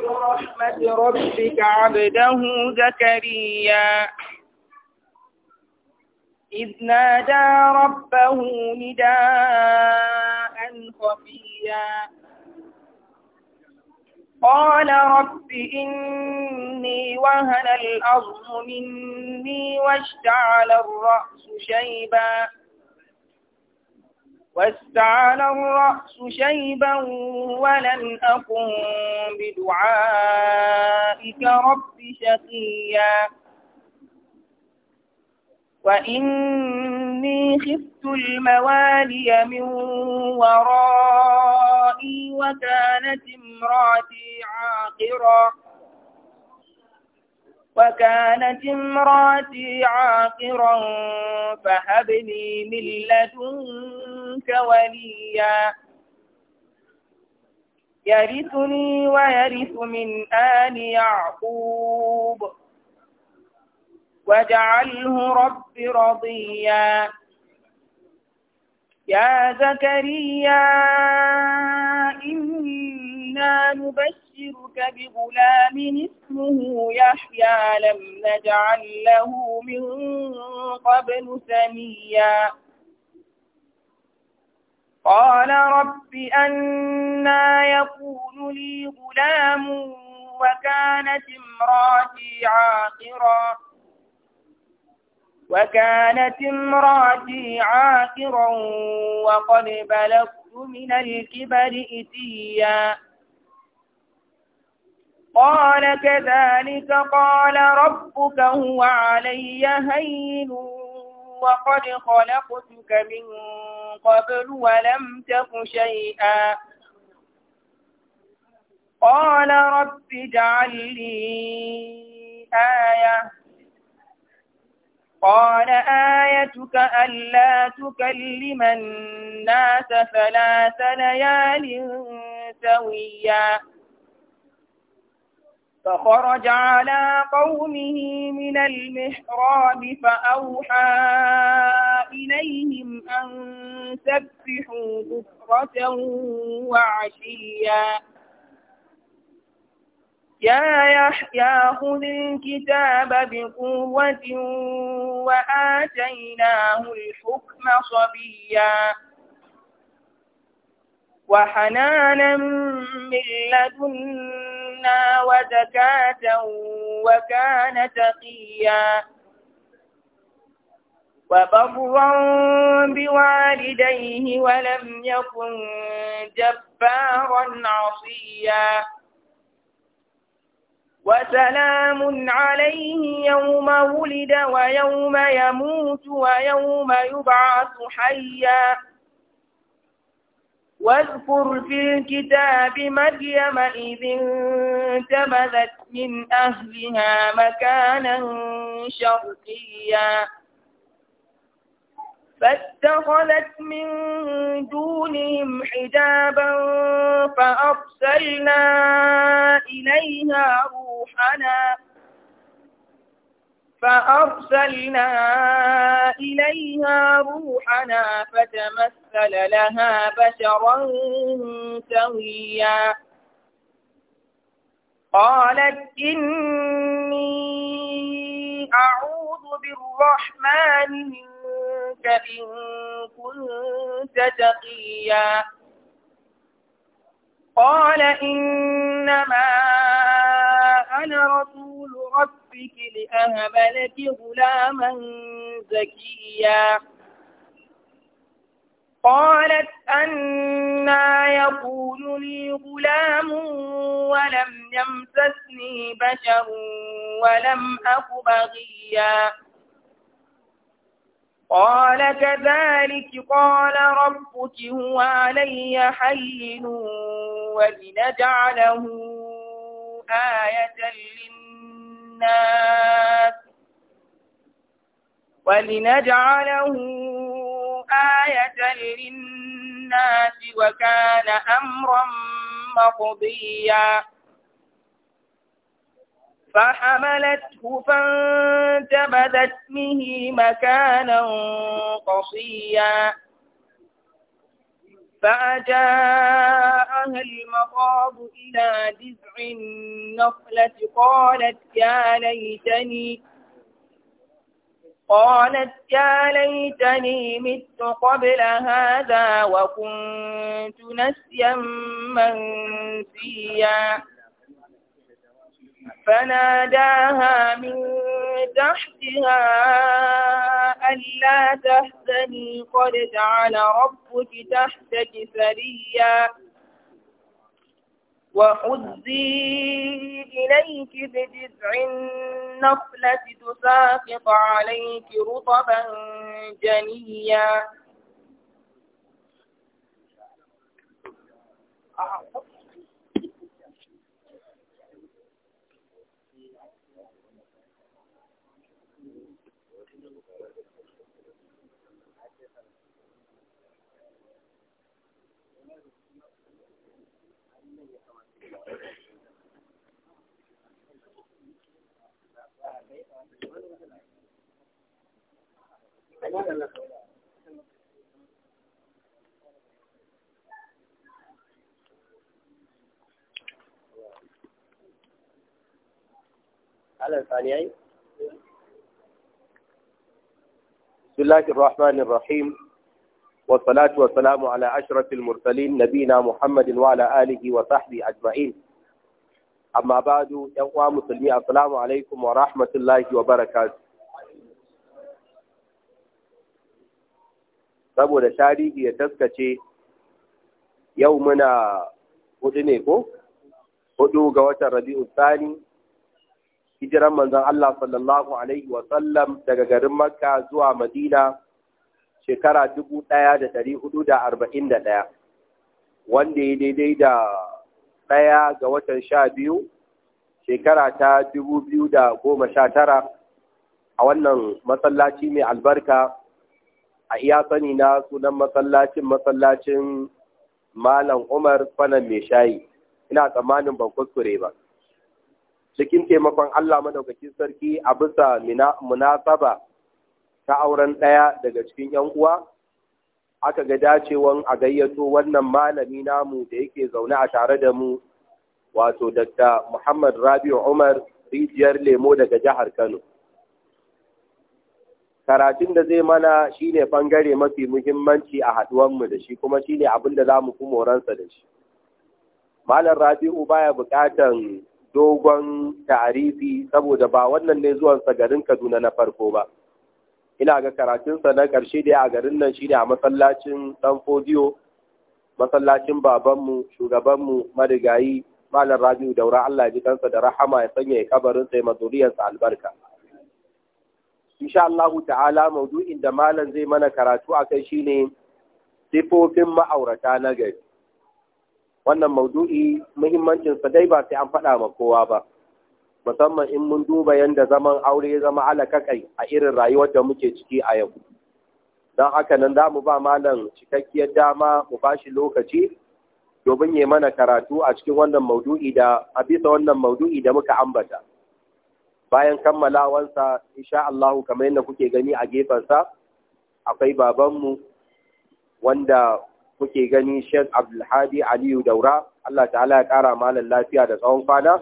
رحمة ربك عبده زكريا إذ نادى ربه نداء خفيا قال رب إني وهن الأرض مني واشتعل الرأس شيبا واستعان الرأس شيبا ولن أقم بدعائك رب شقيا وإني خفت الموالي من ورائي وكانت امراتي عاقرا وكانت امراتي عاقرا فهب لي من لدنك وليا يرثني ويرث من آل يعقوب واجعله رب رضيا يا زكريا إني إنا نبشرك بغلام اسمه يحيى لم نجعل له من قبل سميا قال رب أنا يكون لي غلام وكانت امراتي عاقرا وكانت امراتي عاقرا وقد بلغت من الكبر إتيا قال كذلك قال ربك هو علي هين وقد خلقتك من قبل ولم تك شيئا قال رب اجعل لي آية قال آيتك ألا تكلم الناس ثلاث ليال سويا فخرج على قومه من المحراب فأوحى إليهم أن سبحوا بكرة وعشيا يا يحيى خذ الكتاب بقوة وآتيناه الحكم صبيا وحنانا من لدنا وأغنى وزكاة وكان تقيا وبرا بوالديه ولم يكن جبارا عصيا وسلام عليه يوم ولد ويوم يموت ويوم يبعث حيا واذكر في الكتاب مريم إذ انتبذت من أهلها مكانا شرقيا فاتخذت من دونهم حجابا فأرسلنا إليها روحنا فأرسلنا إليها روحنا فتمثل لها بشرا سويا قالت إني أعوذ بالرحمن منك إن كنت تقيا قال إنما أنا رسول ربك لأهب لك غلاما زكيا قالت أنا يقول لي غلام ولم يمسسني بشر ولم أك بغيا قال كذلك قال ربك هو علي حين ولنجعله آية للناس للناس ولنجعله آية للناس وكان أمرا مقضيا فحملته فانتبذت به مكانا قصيا فأجاءها المخاض إلى جذع النخلة قالت يا ليتني قالت يا ليتني مت قبل هذا وكنت نسيا منسيا فناداها من تحتها ألا تحزني قد جعل ربك تحتك سريا وحزي إليك بجذع النخلة تساقط عليك رطبا جنيا على الثانيين بسم الله الرحمن الرحيم والصلاة والسلام على أشرف المرسلين نبينا محمد وعلى آله وصحبه أجمعين أما بعد يقوى مسلمي السلام عليكم ورحمة الله وبركاته saboda tarihi ya taskace yau muna hudu ne ko hudu ga watan rabi'u tsani hijiran manzon Allah sallallahu alaihi wa sallam daga garin Makka zuwa Madina shekara dubu ɗaya da ɗari hudu da arba'in da ɗaya wanda ya daidai da ɗaya ga watan sha biyu shekara ta dubu biyu da goma sha tara a wannan masallaci mai albarka a iya sani na sunan masallacin masallacin malam umar fanan mai shayi ina tsammanin ban kuskure ba cikin taimakon allah madaukakin sarki a bisa munasaba ta auren ɗaya daga cikin yan uwa aka ga dacewan a gayyato wannan malami namu da yake zaune a tare da mu wato dr muhammad rabi'u umar rijiyar lemo daga jihar kano karatun da zai mana shine bangare mafi muhimmanci a haduwanmu da shi kuma shine abin da za mu fi moransa da shi malam rabi'u baya bukatan dogon ta'arifi saboda ba wannan ne zuwansa garin kaduna na farko ba ina ga karatunsa na ƙarshe da a garin nan shine a masallacin dan fodiyo masallacin babanmu shugabanmu madigayi. malam rabi'u daura allah ji kansa da rahama ya sanya ya kabarinsa ya mazuriyarsa albarka insha Allahu ta'ala maudu'in da malam zai mana karatu akai shine sifofin ma'aurata na gari wannan maudu'i muhimmancin sa dai ba sai an faɗa ma kowa ba musamman in mun duba yanda zaman aure ya zama kai a irin rayuwar da muke ciki a yau don haka nan za mu ba malam cikakkiyar dama mu ba shi lokaci domin ya mana karatu a cikin wannan maudu'i da a bisa wannan maudu'i da muka ambata bayan kammalawansa insha Allah kamar yadda kuke gani a gefensa akwai babanmu wanda kuke gani Sheikh Abdulhadi Aliyu Daura Allah ta'ala ya kara malam lafiya da tsawon kwana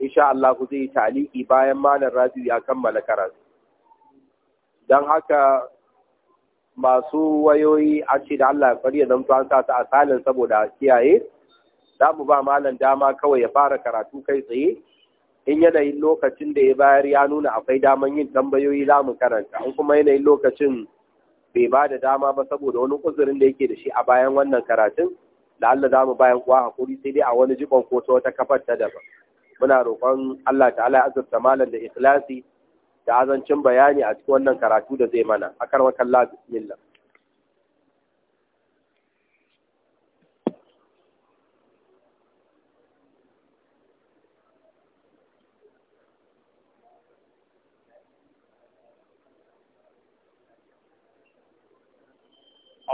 insha Allah ku zai taliki bayan malam Rabiu ya kammala karatu dan haka masu wayoyi a ce da Allah ya fariya dan an sa ta asalin saboda kiyaye za mu ba malam dama kawai ya fara karatu kai tsaye in yanayin lokacin da ya bayar ya nuna akwai daman yin tambayoyi za mu karanta in kuma yanayin lokacin bai ba da dama ba saboda wani kuzurin da yake da shi a bayan wannan karatun da Allah za mu bayan kuwa hakuri sai dai a wani jibon ko ta wata kafar ta daban muna roƙon Allah ta'ala ya azurta malam da ikhlasi da azancin bayani a cikin wannan karatu da zai mana akar wa kallah bismillah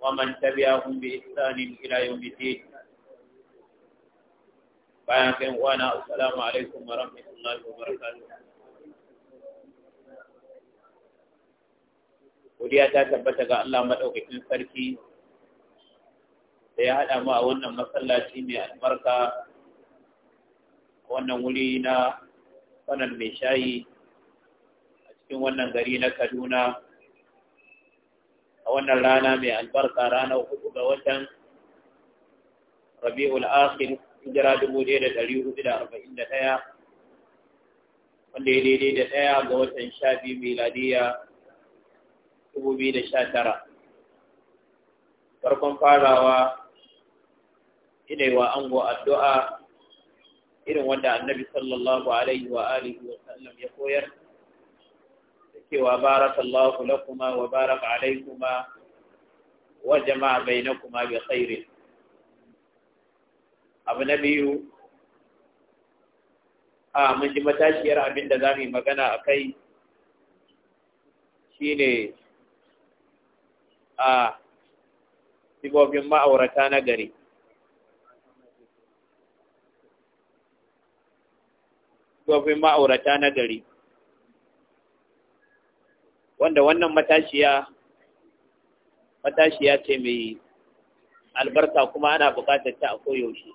ومن تبعهم بإحسان إلى يوم الدين كان وانا السلام عليكم ورحمة الله وبركاته Godiya ta tabbata ga Allah maɗaukakin sarki da ya haɗa mu a wannan masallaci mai albarka wannan wuri na sanar mai shayi a cikin wannan gari na Kaduna a wannan rana mai albarka ranar hudu ga watan rabi'ul akhir hijira ɗaya, wanda ya daidai da ɗaya ga watan sha biyu miladiya dubu biyu da sha tara farkon farawa ina wa ango addu'a irin wanda annabi sallallahu alaihi wa alihi wa sallam ya koyar cewa barakallahu lakuma wa baraka alaikuma wa jama'a bainakuma bi khairi abu na biyu a mun ji matashiyar abin da za mu yi magana a kai shi ne a sibobin ma'aurata na gari sibobin ma'aurata na gari wanda wannan matashiya matashiya ce mai albarka kuma ana buƙatar ta a koyaushe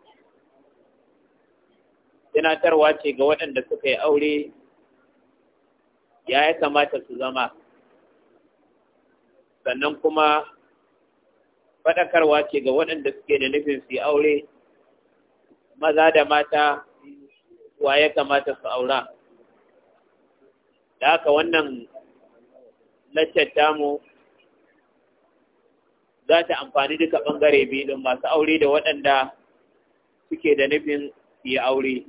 tunatarwa ce ga waɗanda suka yi aure ya yi kamata su zama sannan kuma faɗakarwa ce ga waɗanda suke da nufin su yi aure maza da mata wa ya kamata su aura da haka wannan laccar mu za ta amfani duka ɓangare biyu din masu aure da waɗanda suke da nufin yi aure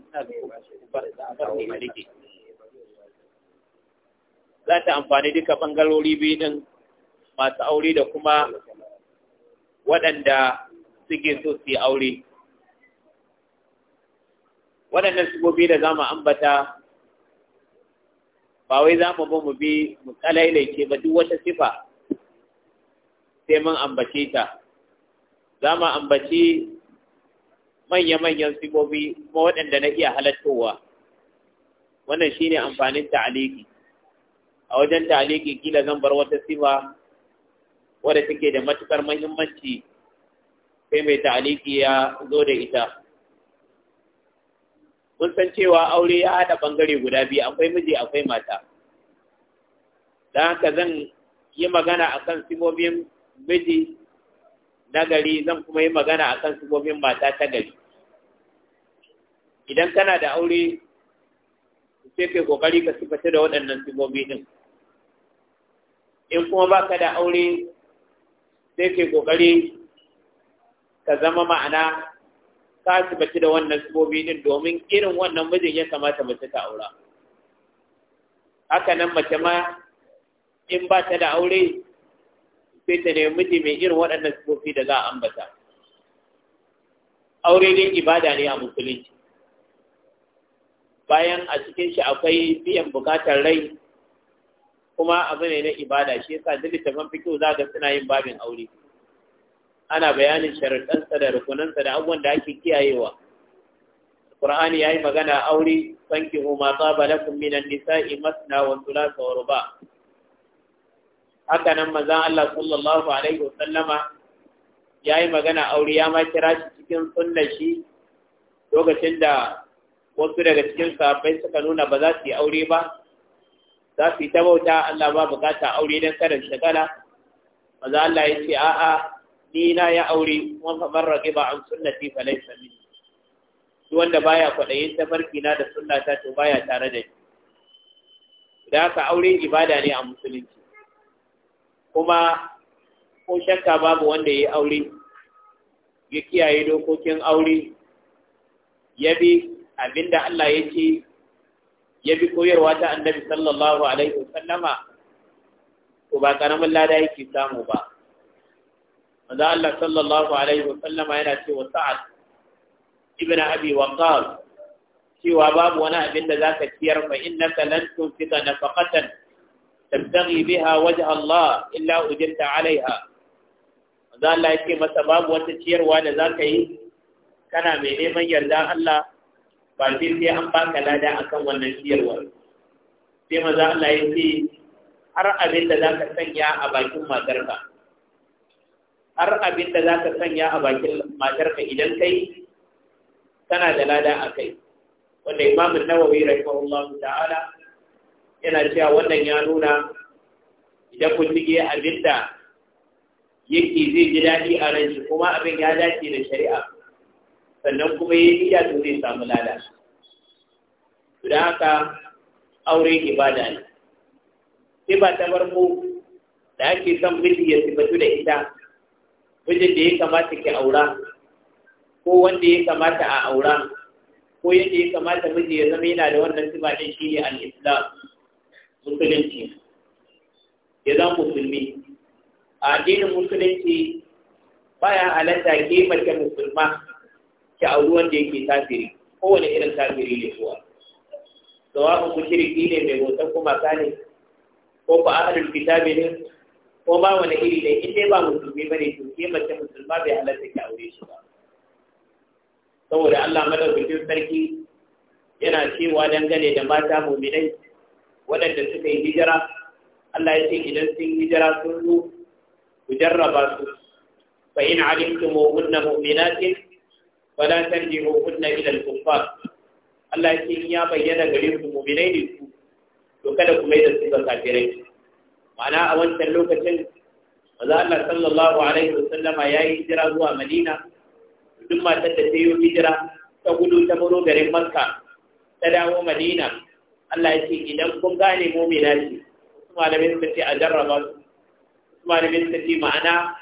za ta amfani duka ɓangarori biyu din masu aure da kuma waɗanda suke so su yi aure waɗannan shigobi da za mu ambata ba wai za mu ba mu bi mu kalailace ba duk wata sifa sai mun ambace ta za mu ambaci manya-manyan sifofi kuma waɗanda na iya halattowa wannan shine amfanin ta'aliki a wajen ta'aliki kila zan bar wata sifa wadda take da matukar muhimmanci sai mai ta'aliki ya zo da ita mun san cewa aure ya haɗa ɓangare guda biyu akwai miji akwai mata da haka zan yi magana a kan sibobin miji na gari zan kuma yi magana a kan sibobin mata ta gari idan kana da aure sai kai kokari ka sifata da waɗannan sibobi din in kuma ba ka da aure sai kai kokari ka zama ma'ana ka asibiti da wannan sibobi din domin irin wannan mijin ya kamata mace ta aura haka nan mace ma in ba ta da aure sai ta nemi miji mai irin waɗannan sibobi da za a ambata aure ne ibada ne a musulunci bayan a cikin shi akwai biyan bukatar rai kuma abu ne na ibada shi yasa duk littafin fikihu za ga suna yin babin aure ana bayanin sharaɗansa da rukunansa da abubuwan da ake kiyayewa ya yi magana aure sanki huma tsaba lakum na nisa'i masna wa thulatha wa ba. haka nan mazan Allah sallallahu alaihi wa sallama yi magana aure ya ma kira shi cikin sunna shi lokacin da wasu daga cikin sahabbai suka nuna ba za su yi aure ba za su yi ta bauta Allah ba bukata aure don karin shagala maza Allah ya ce a'a ni ya aure kuma fa man ba an sunnati fa laysa min duk wanda baya kwadayin tafarki na da sunnata to baya tare da ni da ka aure ibada ne a musulunci kuma ko shakka babu wanda ya aure ya kiyaye dokokin aure ya bi abinda Allah ya ce ya bi koyarwa ta annabi sallallahu alaihi wasallama to ba karamin lada yake samu ba wanda Allah sallallahu alaihi wa sallama yana cewa sa'ad ibn abi waqas cewa babu wani abin da zaka ciyar fa innaka lan tunfika nafaqatan tabtaghi biha wajha Allah illa ujirta alaiha wanda Allah yake masa babu wata ciyarwa da zaka yi kana mai neman yarda Allah ba sai sai an baka lada akan wannan ciyarwa sai maza Allah ya ce har abin da za ka sanya a bakin matarka har abin da za ka sanya a bakin matarka idan kai tana da lada a kai wanda imamun nawawi rahimahullahu ta'ala yana cewa wannan ya nuna idan kun tige abin da yake zai ji daɗi a ran shi kuma abin ya dace da shari'a sannan kuma ya niyya to zai samu lada to da haka aure ibada ne sai ba ta farko da ake son miji ya sifatu da ita mijin da ya kamata ki aura ko wanda ya kamata a aura ko yadda ya kamata miji ya zama yana da wannan sifa din shi al-islam musulunci ya zama musulmi a addinin musulunci baya halatta ke mace musulma ki auri wanda yake kafiri kowane irin kafiri ne kuwa sawa'un mushriki ne mai hoton kuma sani? ko ku ahlul kitabi ne ko ba wani iri ne in dai ba musulmi ba ne to ke mace musulma bai halatta ki aure shi ba saboda Allah madaukakin sarki yana cewa dangane da mata mu'minai waɗanda suka yi hijira Allah ya ce idan sun hijira sun zo ku jarraba su fa in alimtumuhunna mu'minatin fala tarji'uhunna ila al-kuffar Allah ya ce in ya bayyana gare ku mu'minai ne ku to kada ku mai da su ga kafirai ma'ana a wancan lokacin maza Allah sallallahu alaihi wasallama ya yi hijira zuwa Madina duk matar da ta yi hijira ta gudu ta muro garin Makka ta dawo Madina Allah ya ce idan kun gane mumina ce malamin suka ce a jarraba su malamin suka ce ma'ana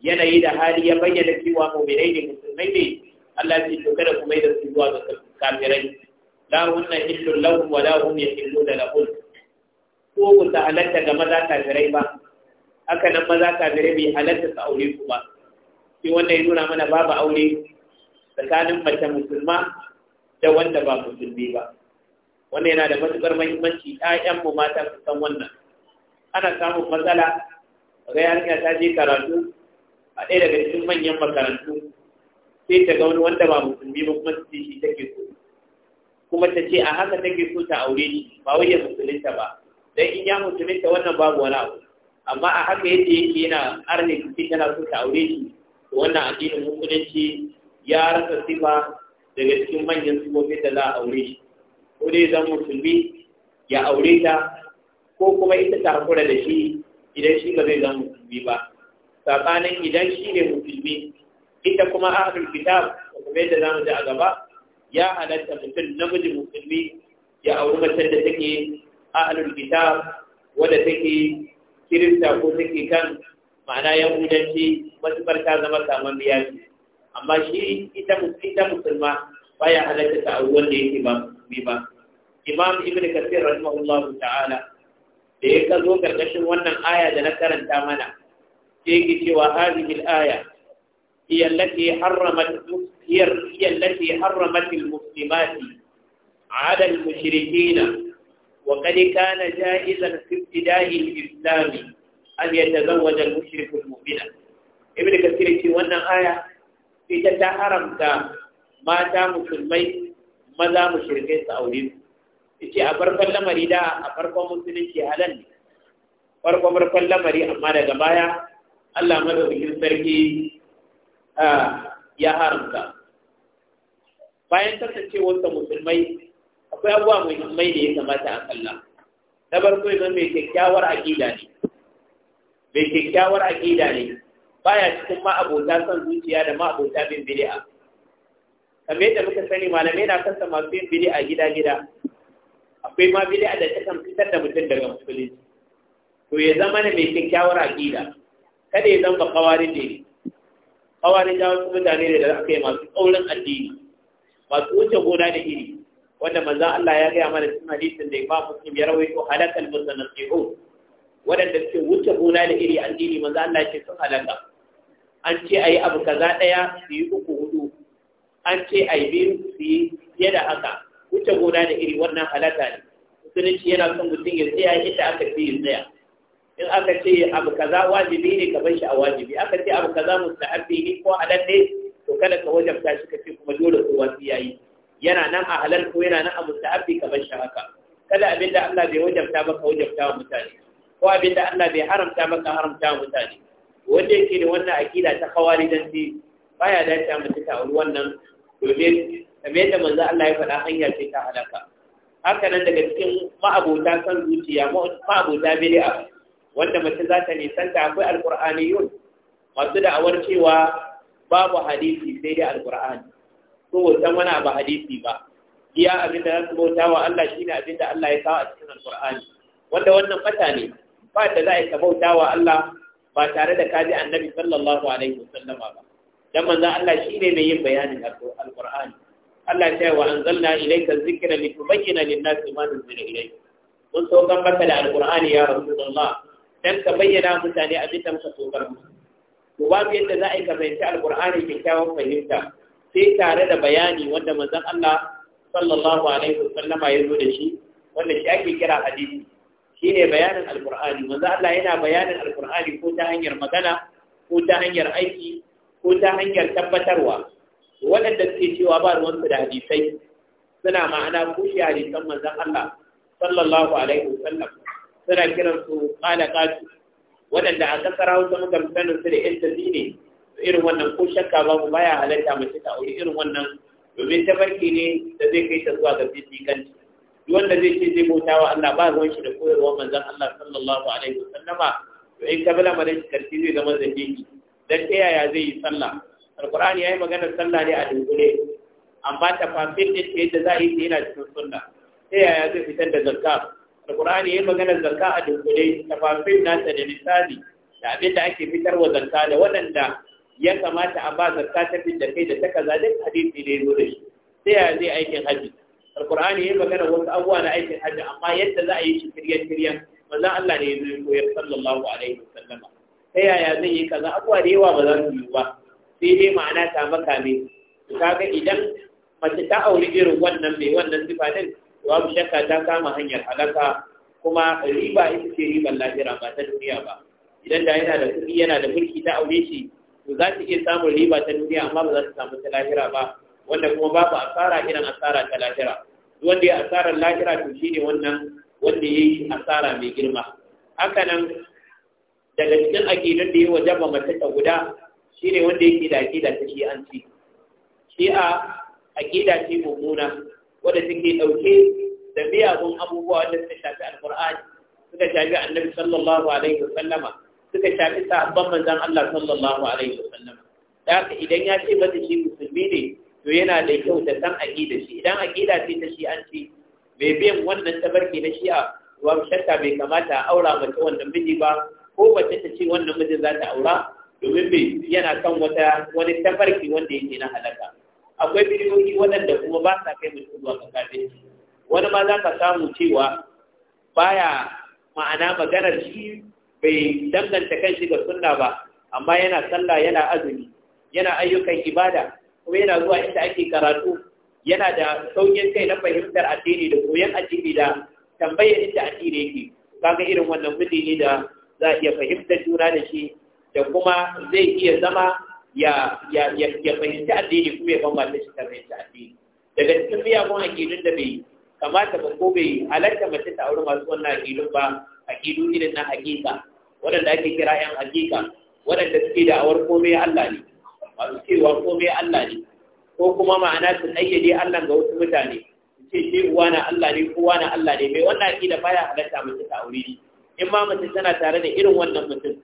yanayi da hali ya bayyana cewa muminai ne musulmai ne Allah ya ce to kada ku mai da su zuwa ga kafirai la hunna illu lahum wa la hum da lahum ko ku ta halatta ga maza kafirai ba haka nan maza kafirai bai halatta su aure ku ba shi wanda ya nuna mana babu aure tsakanin mace musulma da wanda ba musulmi ba wannan yana da matuƙar mahimmanci mu mata su san wannan ana samun matsala ga yarinya ta je karatu a ɗaya daga cikin manyan makarantu sai ta ga wani wanda ba musulmi ba kuma su shi take so kuma ta ce a haka take so ta aure shi ba wai ya musulunta ba dan in ya ta wannan babu wala, amma a haka yadda yake yana arne cikin tana su ta aure shi wannan addinin musulunci ya rasa sifa daga cikin manyan sifofin da za a aure shi ko dai zan musulmi ya aure ta ko kuma ita ta hakura da shi idan shi ba zai zan musulmi ba sabanin idan shi ne musulmi ita kuma ahlul kitab kuma yadda zamu ji a gaba ya halatta mutum namiji musulmi ya auri mace da take ahlul kitab wadda take kirista ko take kan ma'ana yahudanci matuƙar ta zama saman biya ce amma shi ita musulma baya halatta ta abu wanda yake ba musulmi ba imam ibn kasir rahimahullah ta'ala da ya kazo karkashin wannan aya da na karanta mana sai yake cewa hadhihi al-aya hiya allati harramat hiya allati harramat al-muslimat 'ala وقد كان جائزا في ابتداء الإسلام أن يتزوج المشرك المؤمن ابن كثير في وانا آية في تتحرم تا ما تا مسلمي ماذا مشركين su ce a farkon lamari da a farkon musulunci halal ne farkon farkon lamari amma daga baya Allah madaukakin sarki ya haramta bayan wata musulmai akwai abubuwa muhimmai da ya kamata a kalla na farko yana mai kyakkyawar aƙida ne mai kyakkyawar aƙida ne baya cikin ma'abota son zuciya da ma'abota bin bid'a kamar yadda muka sani malamai na kasa masu yin bid'a gida-gida akwai ma bid'a da ta kan fitar da mutum daga musulunci to ya zama ne mai kyakkyawar aƙida kada ya zama kawarin da ne kawarin ta wasu mutane da aka yi masu tsaurin addini masu wuce gona da iri wanda manzan Allah ya gaya mana cikin hadisin da mu Muslim ya rawaito halakal mutanasihun waɗanda suke wuce gona da iri addini manzo Allah ke sun halaka an ce ayi abu kaza ɗaya su yi uku hudu an ce ayi biyu su yi fiye da haka wuce gona da iri wannan halaka ne musulunci yana son mutum ya tsaya inda aka fi ya tsaya in aka ce abu kaza wajibi ne ka bar shi a wajibi aka ce abu kaza mustahabbi ne ko halal ne to kada ka wajabta shi ka ce kuma dole kowa sai yayi yana nan a halarku, ko yana nan a musta'abi kamar shi haka kada abin da Allah bai wajabta maka wajabta wa mutane ko abin da Allah bai haramta maka haramta wa mutane wanda yake ne wannan akida ta khawarijanci baya ta mutu ta wannan domin kamar yadda manzo Allah ya faɗa hanya ce ta halaka haka nan daga cikin ma'abota san zuciya ma'abota bid'a wanda mace za ta nisanta akwai alqur'aniyun masu da'awar cewa babu hadisi sai dai alqur'ani ko bautan wani abu hadisi ba iya abin da za su bauta wa Allah shine abin da Allah ya kawo a cikin Alƙur'ani. wanda wannan fata ne ba da za a ka bauta wa Allah ba tare da kaji annabi sallallahu alaihi wasallama ba dan manzon Allah shi ne mai yin bayanin Alƙur'ani. Allah ya wa anzalna ilayka dhikra litubayyana lin-nasi ma nuzila ilayk mun saukar maka da Alƙur'ani ya rasulullah dan ka bayyana mutane abin da muka saukar musu ba babu yadda za a yi ka fahimci alqur'ani kyakkyawan fahimta sai tare da bayani wanda manzon Allah sallallahu alaihi wasallama ya zo da shi wanda shi ake kira hadisi shine bayanin alqur'ani manzon Allah yana bayanin alqur'ani ko ta hanyar magana ko ta hanyar aiki ko ta hanyar tabbatarwa waɗanda suke cewa ba ruwansu da hadisai suna ma'ana kushe hadisan manzon Allah sallallahu alaihi wasallam suna kiran kiransu qala qatu waɗanda a kasar hausa muka misalin su da yan tazi ne irin wannan ko shakka babu baya halatta mace ta aure irin wannan domin tafarki ne da zai kai ta zuwa ga fitikanci wanda zai ce zai bauta wa Allah ba ruwan shi da koyarwar manzon Allah sallallahu alaihi wasallama to in ka bala mare karfi zai zama zahiri dan ta yaya zai yi sallah alqur'ani yayi magana sallah ne a dunkule amma fafin da yadda za a yi yana cikin sunna ta yaya zai fitar da zakka alqur'ani yayi magana zakka a ta fafin nasa da misali da abin da ake fitarwa zakka da waɗanda ya kamata a ba zakka ta da kai da ta kaza duk hadisi ne zo da shi sai ya zai aikin hajji alqur'ani yayi magana wasu abubuwa na aikin hajji amma yadda za a yi shi kiryan kiryan manzon Allah ne ya zo koyar sallallahu alaihi wasallama ta yaya zai yi kaza abubuwa da yawa ba za su yi ba sai dai ma'ana ta maka ne kaga idan mace ta auri irin wannan mai wannan sifa din babu shakka ta kama hanyar halaka kuma riba ita ce riban lahira ba ta duniya ba idan da yana da kuɗi yana da mulki ta aure shi to za su iya samun riba ta duniya amma ba za su samu ta lahira ba wanda kuma babu asara irin asara ta lahira wanda ya asara lahira to shi ne wannan wanda ya yi asara mai girma haka nan daga cikin aƙidar da ya ba mace ta guda shi ne wanda yake da aƙida ta shi shi'a aƙida ce mummuna wadda take ɗauke da miyagun abubuwa wanda suka shafi alƙur'ani suka shafi annabi sallallahu alaihi wasallama suka shafi sahabban manzan Allah sallallahu alaihi wasallam da haka idan ya ce mata shi musulmi ne to yana da kyau da san aqida shi idan aqida ce ta shi an ce, bai biyan wannan tabarki na shi'a ruwan shakka bai kamata a aura mace wannan miji ba ko mace ta ce wannan mijin za ta aura domin bai yana kan wata wani tafarki wanda yake na halaka akwai bidiyoyi waɗanda kuma ba sa kai mutum zuwa shi. wani ma za ka samu cewa baya ma'ana maganar shi bai danganta kanshi ga sunna ba amma yana sallah yana azumi yana ayyukan ibada kuma yana zuwa inda ake karatu yana da saukin kai na fahimtar addini da koyon addini da tambayar inda addini yake kaga irin wannan mutum da za a iya fahimtar juna da shi da kuma zai iya zama ya ya ya fahimci addini kuma ya bambanta shi ta fahimci addini daga cikin miyagun aƙidun da bai kamata ba ko bai halarta mace ta auri masu wannan aƙidun ba aƙidu irin na hakika waɗanda ake kira ‘yan hakika waɗanda suke awar komai Allah ne masu cewa komai Allah ne ko kuma ma'ana su ɗayyade Allah ga wasu mutane su ce ce uwa na Allah ne kowa na Allah ne mai wannan aƙida baya halatta mace ta aure ne in ma mace tana tare da irin wannan mutum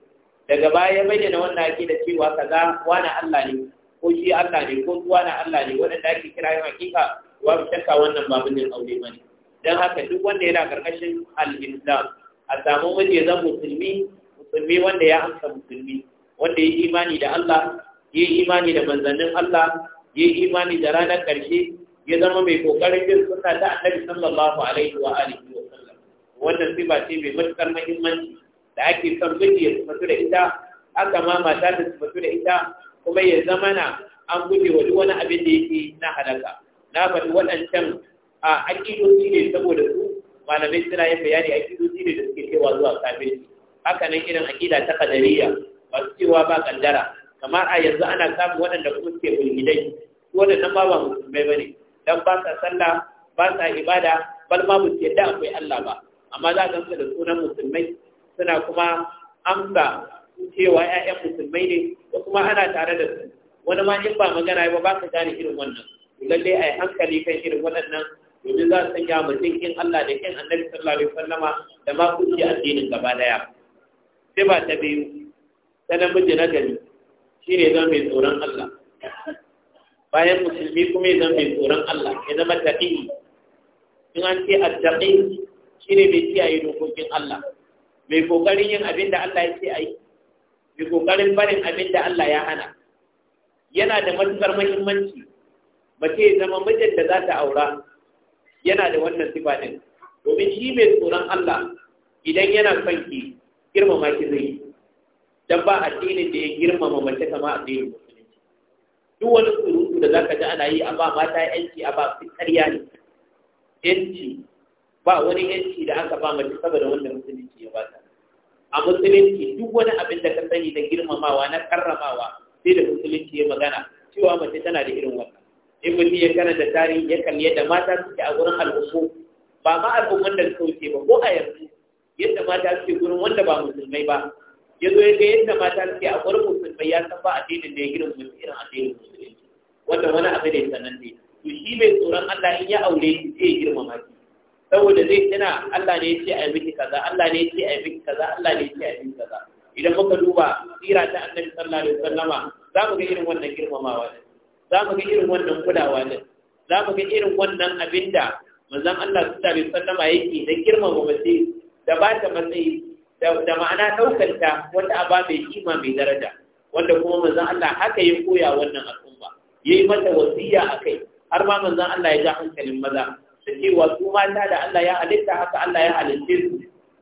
daga baya ya bayyana wannan aƙida cewa kaza na Allah ne ko shi Allah ne ko uwa na Allah ne waɗanda ake kira ‘yan hakika babu shakka wannan babu ne aure ne. don haka duk wanda yana ƙarƙashin al-islam a samu miji zama musulmi musulmi wanda ya amsa musulmi wanda ya imani da Allah ya imani da manzannin Allah ya imani da ranar ƙarshe ya zama mai kokarin bin suna ta annabi sallallahu alaihi wa alihi wa sallam wannan siba ce mai matukar muhimmanci da ake son miji ya sifatu da ita haka ma mata ta sifatu da ita kuma ya zama na an guje wa duk wani abin da yake na halaka na faɗi waɗancan a aƙidoci ne saboda su malamai suna yin bayani aƙidoci ne da suke cewa zuwa kafirci haka nan irin aƙida ta kadariya masu cewa ba ƙaddara. kamar a yanzu ana samun waɗanda kuma suke bulgidai su waɗannan ba ba musulmai ba ne don ba sa sallah ba sa ibada bal ma ba su yadda akwai Allah ba amma za ka da sunan musulmai suna kuma amsa cewa 'ya'yan musulmai ne ko kuma ana tare da su wani ma in ba magana ba ba ka gane irin wannan lalle a yi hankali kan irin waɗannan domin za su sanya mutum in Allah da in annabi sallallahu alaihi wasallama da ma kuke addinin gaba daya ba ta biyu ta namiji na gari shi ne zan mai tsoron Allah bayan musulmi kuma zan mai tsoron Allah ya zama taƙi in an ce a attaƙi shi ne mai kiyaye dokokin Allah mai ƙoƙarin yin abin da Allah ya ce a yi mai ƙoƙarin barin abin da Allah ya hana yana da matuƙar mahimmanci mace ya zama mijin da za ta aura yana da wannan sifa ɗin domin shi mai tsoron Allah idan yana son ki girmama ki zai yi dan ba addinin da ya girmama mace kama addinin musulunci duk wani surutu da zaka ji ana yi a ba mata yanci a ba su ƙarya ne yanci ba wani yanci da aka ba mace saboda wanda musulunci ya bata a musulunci duk wani abin da ka sani da girmamawa na karramawa sai da musulunci ya magana cewa mace tana da irin wannan in mutum ya karanta tarihi ya kalli yadda mata suke a wurin al'ummu ba ma al'umman da suke ba ko a yanzu yadda mata suke gurin wanda ba musulmai ba ya zo ya ga yadda mata suke a gurin musulmai ya san ba addinin da ya gina musu irin addinin musulunci wanda wani abu ne sanan ne to shi mai tsoron Allah in ya aure shi zai girmama shi saboda zai tana Allah ne ya ce a yi miki kaza Allah ne ya ce a yi miki kaza Allah ne ya ce a yi miki kaza idan muka duba tsira ta annabi sallallahu alaihi wasallama za mu ga irin wannan girmamawa ne za mu ga irin wannan kulawa ne za mu ga irin wannan abinda manzon Allah sallallahu alaihi wasallama yake da girmama mace da ba ta matsayi da ma'ana ɗaukanta wanda aba mai kima mai daraja wanda kuma manzan Allah haka ya koya wannan al'umma Ya yi mata wasiya kai, har ma manzan Allah ya ja hankalin maza da cewa su mata da Allah ya halitta haka Allah ya halitta su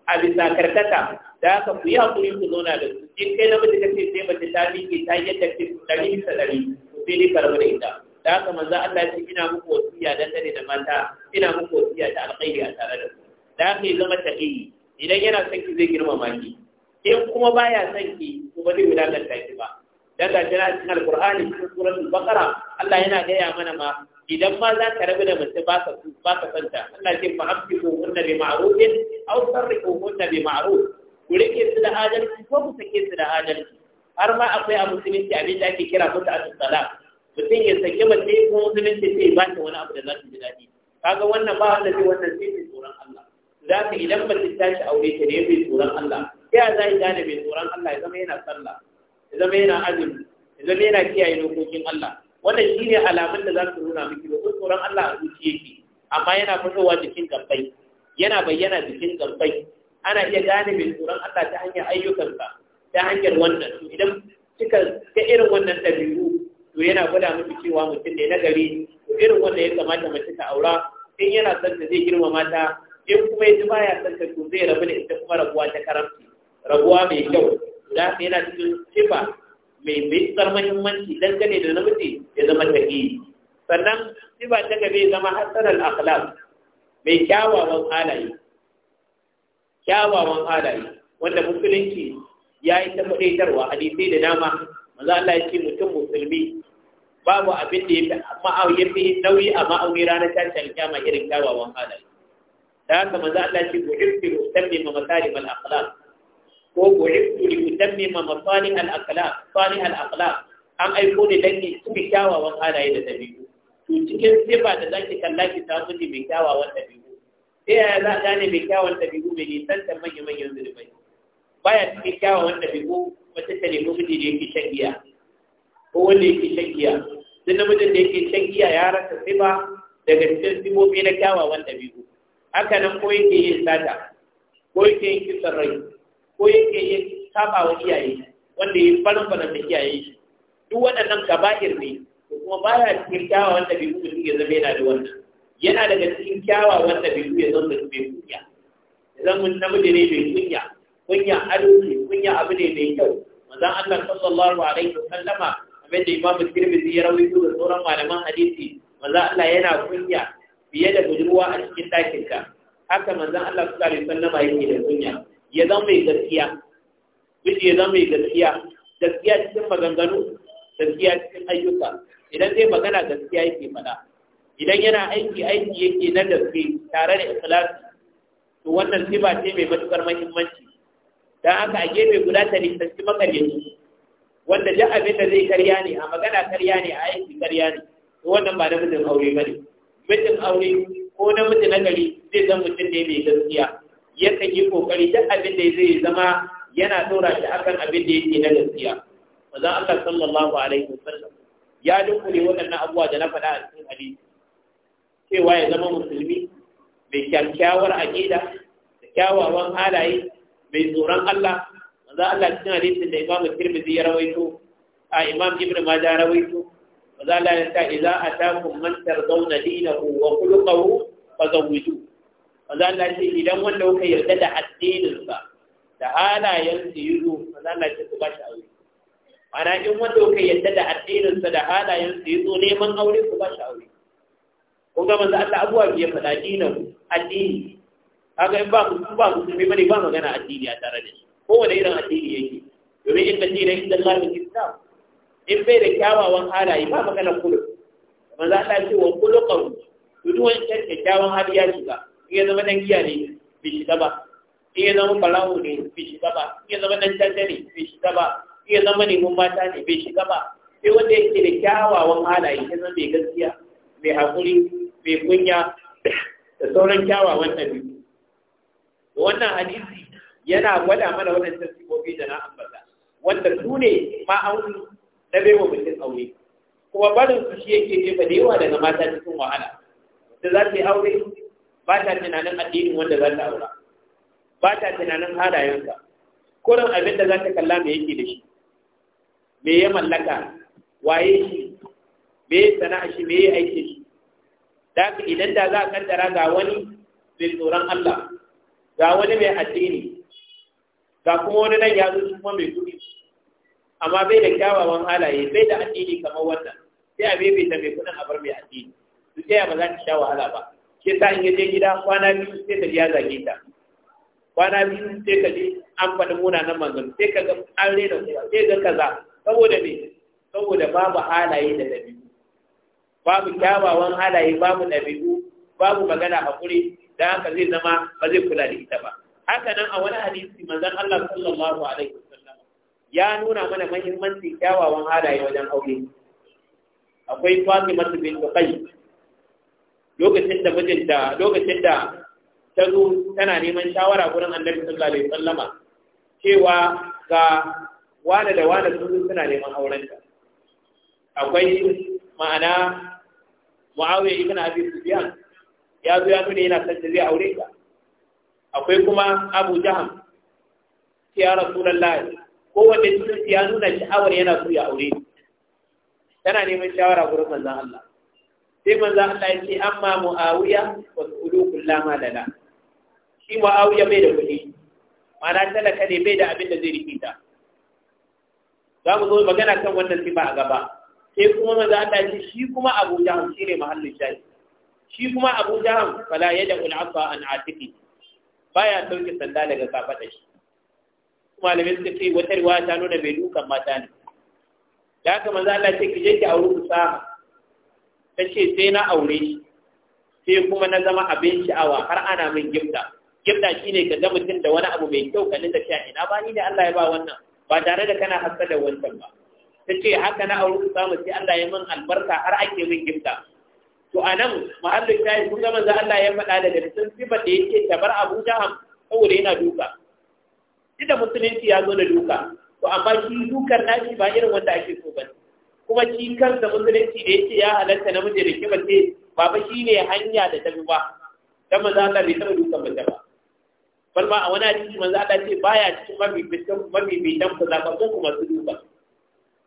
a bisa karkata da haka ku yi hakuri ku zauna da su in kai namiji kace sai mace ta miƙe ta yadda ke ɗari bisa ɗari ku sai dai da ita da haka manzon Allah ya ce ina muku wasiya dangane da mata ina muku wasiya da alƙairi a tare da su da aka yi zama taƙi idan yana son ki zai girmama ki in kuma baya son ki ko ba zai wulakanta ki ba dan ga jira cikin alqur'ani cikin suratul baqara Allah yana gaya mana ma idan ma za ka rabu da mace ba ka ba ka santa Allah ce fa ko kunna bi ma'ruf aw sarriku kunna bi ma'ruf ku rike su da adalci ko ku sake su da adalci har ma akwai a musulunci abin da ake kira mutu as-salam mutum ya sake mace ko musulunci sai ba ta wani abu da za ta ji daɗi kaga wannan ba wanda zai wannan sai tsoron Allah za ka idan ba ta tashi aure ta ne mai tsoron Allah ya za yi gane mai tsoron Allah ya zama yana sallah ya zama yana azumi ya zama yana kiyaye dokokin Allah wannan shine alamun da za su nuna miki da tsoron Allah a zuciya yake amma yana fitowa jikin gabbai yana bayyana jikin gabbai ana iya gane mai tsoron Allah ta hanyar ayyukansa ta hanyar wannan idan kika ga irin wannan dabi'u to yana gwada miki cewa mutum ne na gari to irin wanda ya kamata mace ta aura in yana son ta zai girmama mata in kuma ya ji ya son ka zai rabu da ita kuma rabuwa ta karamci rabuwa mai kyau za haka yana cikin sifa mai mitsar mahimmanci dangane da namiji ya zama taƙi sannan sifa ta gaba ya zama hasanar akhlaq mai kyawawan halaye kyawawan halaye wanda musulunci ya yi ta faɗaitarwa da dama maza Allah ya ce mutum musulmi babu abin da ya fi nauyi a ma'auni ranar tashin kyama irin kyawawan halaye da haka manzo Allah ce bu'irtu li utammima masalim al akhlaq ko bu'irtu li utammima masalih al akhlaq salih al akhlaq an aiko ne dan ki kuma kyawawan halaye da dabi'u to cikin sifa da zaki kalla ki ta miji mai kyawawan dabi'u sai ya za gane mai kyawawan dabi'u bai ne san da manyan manyan zulubai baya cikin kyawawan dabi'u wata ta nemi miji da yake shan giya ko wanda yake shan giya duk namijin da yake shan giya ya rasa sifa daga cikin sifofi na kyawawan dabi'u haka nan ko yake yin sata ko yake yin kisan rai ko yake yin saba wa iyaye wanda ya farin farin da iyaye shi duk waɗannan gaba'ir ne ko kuma ya cikin kyawawan ɗabi'u mutum ya zama yana da wannan yana daga cikin kyawawan ɗabi'u ya zama da mai kunya idan mun namiji ne mai kunya kunya ado ne kunya abu ne mai kyau manzon Allah sallallahu alaihi wasallama kamar da Imam Tirmidhi ya rawaito da sauran malaman hadisi manzon Allah yana kunya fiye da budurwa a cikin ɗakinka haka manzan Allah sallallahu sannan ma yake da kunya ya zama mai gaskiya miji ya zama mai gaskiya gaskiya cikin maganganu gaskiya cikin ayyuka idan zai magana gaskiya yake faɗa idan yana aiki aiki yake na gaske tare da ikhlasi to wannan sifa ce mai matukar muhimmanci dan haka a gefe guda ta nisanci makaryaci wanda duk abin da zai karya ne a magana karya ne a aiki karya ne to wannan ba namijin aure ba ne mijin aure ko namiji na gari zai zama mutum ne mai gaskiya yakan yi kokari duk abin da zai zama yana dora shi akan abin da yake na gaskiya maza Allah sallallahu alaihi wasallam ya dukure waɗannan abubuwa da na faɗa a cikin hadisi cewa ya zama musulmi mai kyakkyawar aqida da kyawawan halaye mai tsoron Allah maza Allah cikin hadisin da Imam Tirmidhi ya rawaito a Imam Ibn Majah rawaito za Allah ya ce idza atakum man tardawna dinahu wa khuluquhu fazawwiju za Allah ya ce idan wanda kuka yarda da addinin da halayen su yizo za Allah ya ce ku ba shi aure ana in wanda kuka yarda da addinin sa da halayen su yizo neman aure ku ba shi aure kun ga manzo Allah abuwa biye faɗa addini kaga in ba musulmi ba ba magana addini a tare da shi kowane irin addini yake domin in ka ce da inda Allah ya ce in bai da kyawawan halaye ba magana kullu za ta ce wa kullu qawl duk wani kyakkyawan hali ya shiga in ya zama dan giya ne bai shiga ba in ya zama falawo ne bai shiga ba in ya zama dan canja ne bai shiga ba in ya zama neman mata ne bai shiga ba sai wanda yake da kyawawan halaye ya zama mai gaskiya mai haƙuri mai kunya da sauran kyawawan ɗabi'u wannan hadisi yana gwada mana waɗannan sifofi da na ambata wanda su ne ma'aunin na baiwa mutum aure kuma barin su shi yake jefa da yawa daga mata cikin wahala da za ta yi aure ba ta tunanin addinin wanda za ta aura ba ta tunanin halayensa kurin abin da za ta kalla me yake da shi me ya mallaka waye shi me ya sana'a shi me ya aiki shi da idan da za a kaddara ga wani mai tsoron Allah ga wani mai addini ga kuma wani nan ya zo kuma mai kuɗi amma bai da kyawawan halaye bai da addini kamar wannan sai a ta mai kudin a bar mai addini su tsaya ba za ta sha wahala ba ke sa in yaje gida kwana biyu sai ta ya zage ta kwana biyu sai ka je an faɗi munanan manzon sai ka ga an rena sai ga kaza saboda me saboda babu halaye da dabi'u babu kyawawan halaye babu dabi'u babu magana hakuri da haka zai zama ba zai kula da ita ba haka nan a wani hadisi manzon Allah sallallahu alaihi ya nuna mana mahimmanci kyawawan halaye wajen aure akwai Fatima bin Qais lokacin da mijinta lokacin da ta zo tana neman shawara gurin Annabi sallallahu alaihi wasallama cewa ga wani da wani sun suna neman aurenta akwai ma'ana Muawiya ibn Abi Sufyan ya zo ya nuna yana son zai aure ka akwai kuma Abu Jaham ya Rasulullahi kowanne cikin ya nuna sha'awar yana so ya aure tana neman shawara gurin manzon Allah sai manzon Allah ya ce amma muawiya wa suluku lama lala shi muawiya bai da kuɗi Mana talaka ne bai da abin da zai rikita za mu zo magana kan wannan sifa a gaba sai kuma manzon Allah ya ce shi kuma Abu Jahm shine mahallin shayi shi kuma Abu Jahm fala yad'u al-'asa an ba baya sauke sanda daga kafa da shi malamai suka ce wata riwaya ta nuna mai dukan mata ne da haka manzo Allah ce ki je ki aure Ta ce sai na aure shi sai kuma na zama abin sha'awa har ana min gifta gifta shine ka zama mutum da wani abu mai kyau ka nuna shi ina ba ni ne Allah ya ba wannan ba tare da kana hasa da wancan ba Ta ce haka na aure mu sai Allah ya min albarka har ake min gifta to anan mahallin shayi kun ga maza Allah ya faɗa daga cikin sifar da yake tabar Abuja Jaham saboda yana duka inda da musulunci ya zo da duka to amma shi dukar nashi ba irin wanda ake so ba kuma shi kansa musulunci da yake ya halatta namiji da kiba ce ba ba shi ne hanya da tafi ba dan maza Allah bai taɓa dukan mace ba bal ma a wani hadisi maza Allah ce baya cikin mabibitan mabibitan ku ko kuma masu duka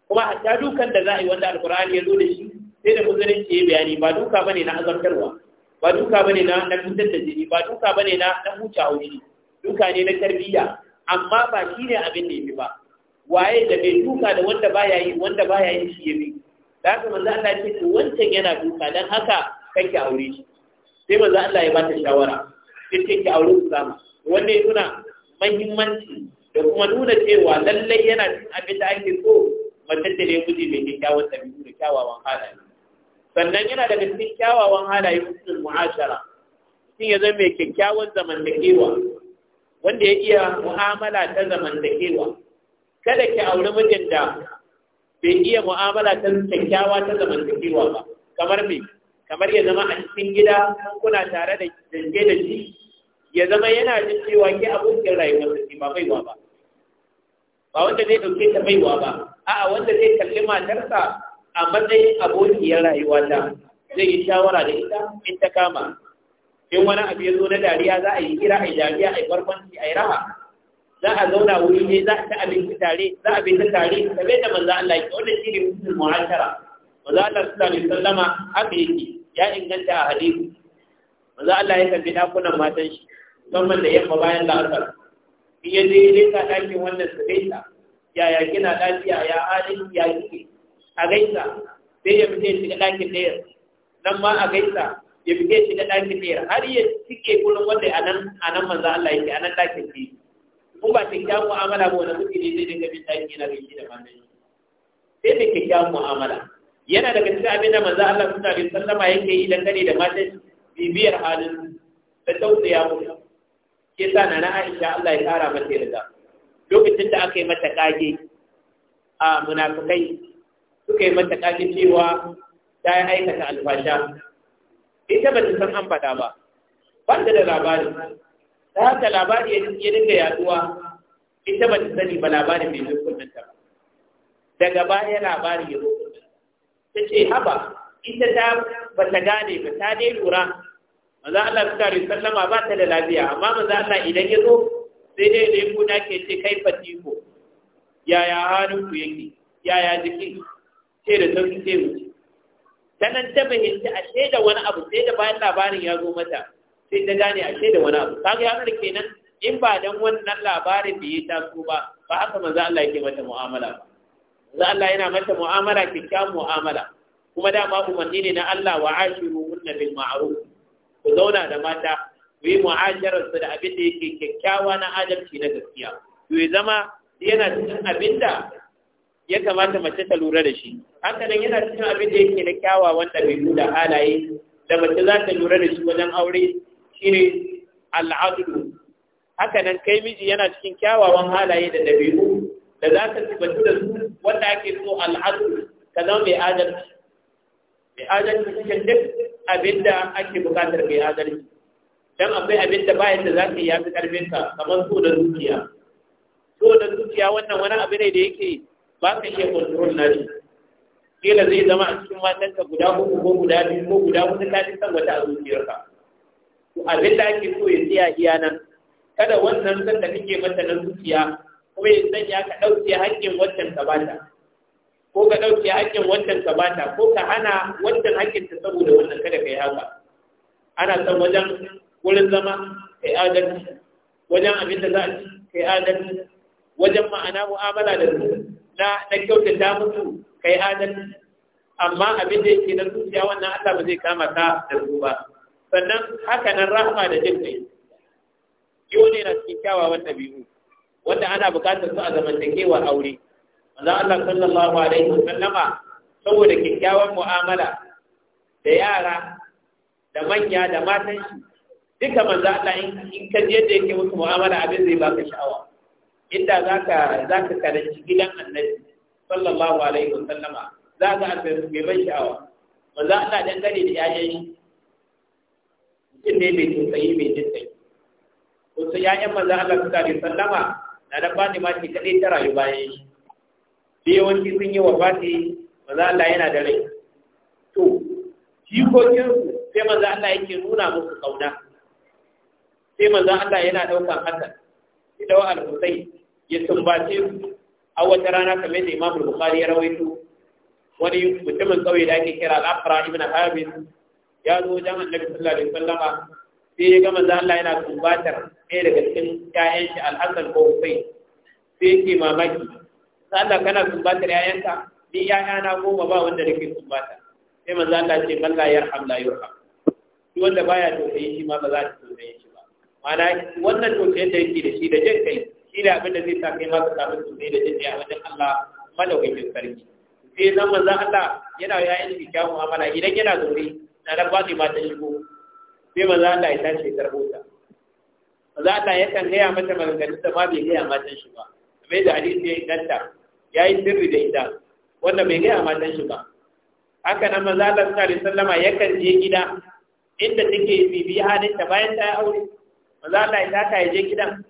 kuma hatta dukan da za a yi wanda alkur'ani ya zo da shi sai da musulunci ya bayani ba duka bane na azabtarwa ba duka bane na na fitar da jini ba duka bane na na huce wuri, duka ne na tarbiyya amma ba shi ne abin da ya fi ba waye da bai duka da wanda ba yi wanda ba yi shi ya bi da haka manzo Allah ya ce wancan yana duka dan haka kake aure shi sai manzo Allah ya bata shawara sai ce ki aure Usama wanda ya nuna muhimmanci da kuma nuna cewa lallai yana cin abin da ake so mace da ya miji mai kyakkyawan ɗabi'u da kyawawan halaye sannan yana daga cikin kyawawan halaye cikin mu'ashara shin ya zama mai kyakkyawan zamantakewa wanda ya iya mu'amala ta zamantakewa kada ki auri mijin da bai iya mu'amala ta kyakkyawa ta zamantakewa ba kamar me kamar ya zama a cikin gida kuna tare da dange da shi ya zama yana jin cewa ke abokin rayuwar su ba baiwa ba ba wanda zai dauke ta baiwa ba a'a wanda zai kalli matarsa a matsayin abokiyar rayuwa ta zai yi shawara da ita in ta kama in wani abu ya zo na dariya za a yi kira a dariya a yi barbanci a yi raha za a zauna wuri ne za a ta abinci tare za a binci tare bai da manzo Allah ki wannan ne mutum muhashara manzo Allah sallallahu alaihi wasallama haka yake ya inganta a hadisi manzo Allah ya kalli dakunan matan shi musamman da yamma bayan la'asar in ya je ne ka dakin wannan sabaita yaya kina lafiya ya alin ya kike a gaisa sai ya fice shiga dakin ɗaya nan ma a gaisa ya fige shi da ɗakin ne har yi cike gurin wanda a nan a nan manzan Allah yake a nan ɗakin ne Kuma ba kyakkyawan mu'amala ba wani mutum ne zai dinga bin ɗaki yana gaishe da matan shi sai da kyakkyawan mu'amala yana daga cikin abin da manzan Allah suna bin sallama yake yi dangane da matan bibiyar halin da ya mutu ke sa na na Aisha Allah ya kara mata yarda lokacin da aka yi mata kage a munafikai suka yi mata kage cewa ta yi aikata alfasha ita ba ta san an faɗa ba ba da labari ta haka labari ya dinga yaduwa ita ba ta sani ba labarin mai zo kunninta ba daga baya labari ya zo ta ce haba ita ta ba ta gane ba ta dai lura maza Allah ta alaihi sallama ba ta da lafiya amma maza Allah idan ya zo sai dai da yaku na ke ce kai fatiko yaya hannun ku yake yaya jiki ce da sauki ce mu ta ta fahimci ashe da wani abu sai da bayan labarin ya zo mata sai ta gane ashe da wani abu ga ya kenan in ba dan wannan labarin da ya taso ba ba haka manzo Allah yake mata mu'amala manzo Allah yana mata mu'amala kikkiawar mu'amala kuma da dama umarni ne na Allah wa ashiru hunna bil ma'ruf ku zauna da mata ku yi mu'asharar su da abin da yake kyakkyawa na adalci na gaskiya to ya zama yana cikin abinda? ya kamata mace ta lura da shi haka nan yana cikin abin da yake na kyawawan ɗabi'u da halaye da mace za ta lura da shi wajen aure shine al'adu haka nan kai miji yana cikin kyawawan halaye da ɗabi'u da za ka tabbatu da su wanda ake so al'adu ka zama mai adalci mai adalci cikin duk abin da ake buƙatar mai adalci dan akwai abin da bayan da za ka yi ya fi ƙarfinka kamar so da zuciya so da zuciya wannan wani abu ne da yake ba ka iya control na shi kila zai zama a cikin ka guda uku ko guda biyu ko guda hudu ta san wata a zuciyarka to abin da ake so ya tsaya iya nan kada wannan san da kake mata na zuciya kuma ya sanya ka ɗauke haƙƙin wancan ka bata ko ka ɗauke haƙƙin wancan ka bata ko ka hana wancan haƙƙin ta saboda wannan kada ka yi haka ana son wajen wurin zama kai adalci wajen abin da za a ci kai adalci wajen ma'ana mu'amala da su na na kyautata musu kai adalci amma abin da yake na zuciya wannan Allah ba zai kama ka da su ba sannan haka nan rahama da jin kai yi ne na cikin kyawawan biyu. wanda ana buƙatar su a zamantakewar aure manzo Allah sallallahu alaihi wasallama saboda kyakkyawan mu'amala da yara da manya da matan shi duka manzo Allah in ka je da yake musu mu'amala abin zai baka sha'awa inda za ka karanci gidan annabi sallallahu alaihi wa sallama za ka alfaifu mai ban sha'awa ba za a dangane da yayan shi mutum ne mai tsayi mai jinkai wasu yayan manzo Allah sallallahu alaihi wa sallama na da bani ma ke kadai ta rayu bayan shi da yawanci sun yi wafati manzo Allah yana da rai to jikokin sai manzo Allah yake nuna musu kauna sai manzo Allah yana hasan ita wa al-Husayn ya sumbace a wata rana kamar da Imam Bukhari ya rawaito wani mutumin kauye da ake kira Al-Afra ibn Habib ya zo wajen Annabi sallallahu alaihi wasallam sai ya ga manzo Allah yana sumbatar ɗaya daga cikin ƴaƴan shi Al-Hasan ko Husayn sai yake mamaki sai Allah kana sumbatar ƴaƴanka ni ƴaƴana goma ba wanda nake sumbata sai manzo Allah ce man la yarham la yurham shi wanda baya tausayi shi ma ba za ta tausayi shi ba ma'ana wannan tausayin da yake da shi da jin kai ina abin da zai sa kai ma ka samu sosai da jinjin a wajen Allah madaukakin sarki sai zan manzo Allah yana yayin kikkiawar mu'amala idan yana zuri na da ba ma ta shigo sai manzo Allah ya tashi karbo ta manzo Allah yakan gaya mata maganganu da ma bai gaya mata shi ba kamar da hadisi ya ya yi sirri da ita wanda bai gaya mata shi ba haka nan manzo Allah sallallahu alaihi wasallama yakan je gida inda take bibi halin ta bayan ta aure manzo Allah ya taka ya je gidan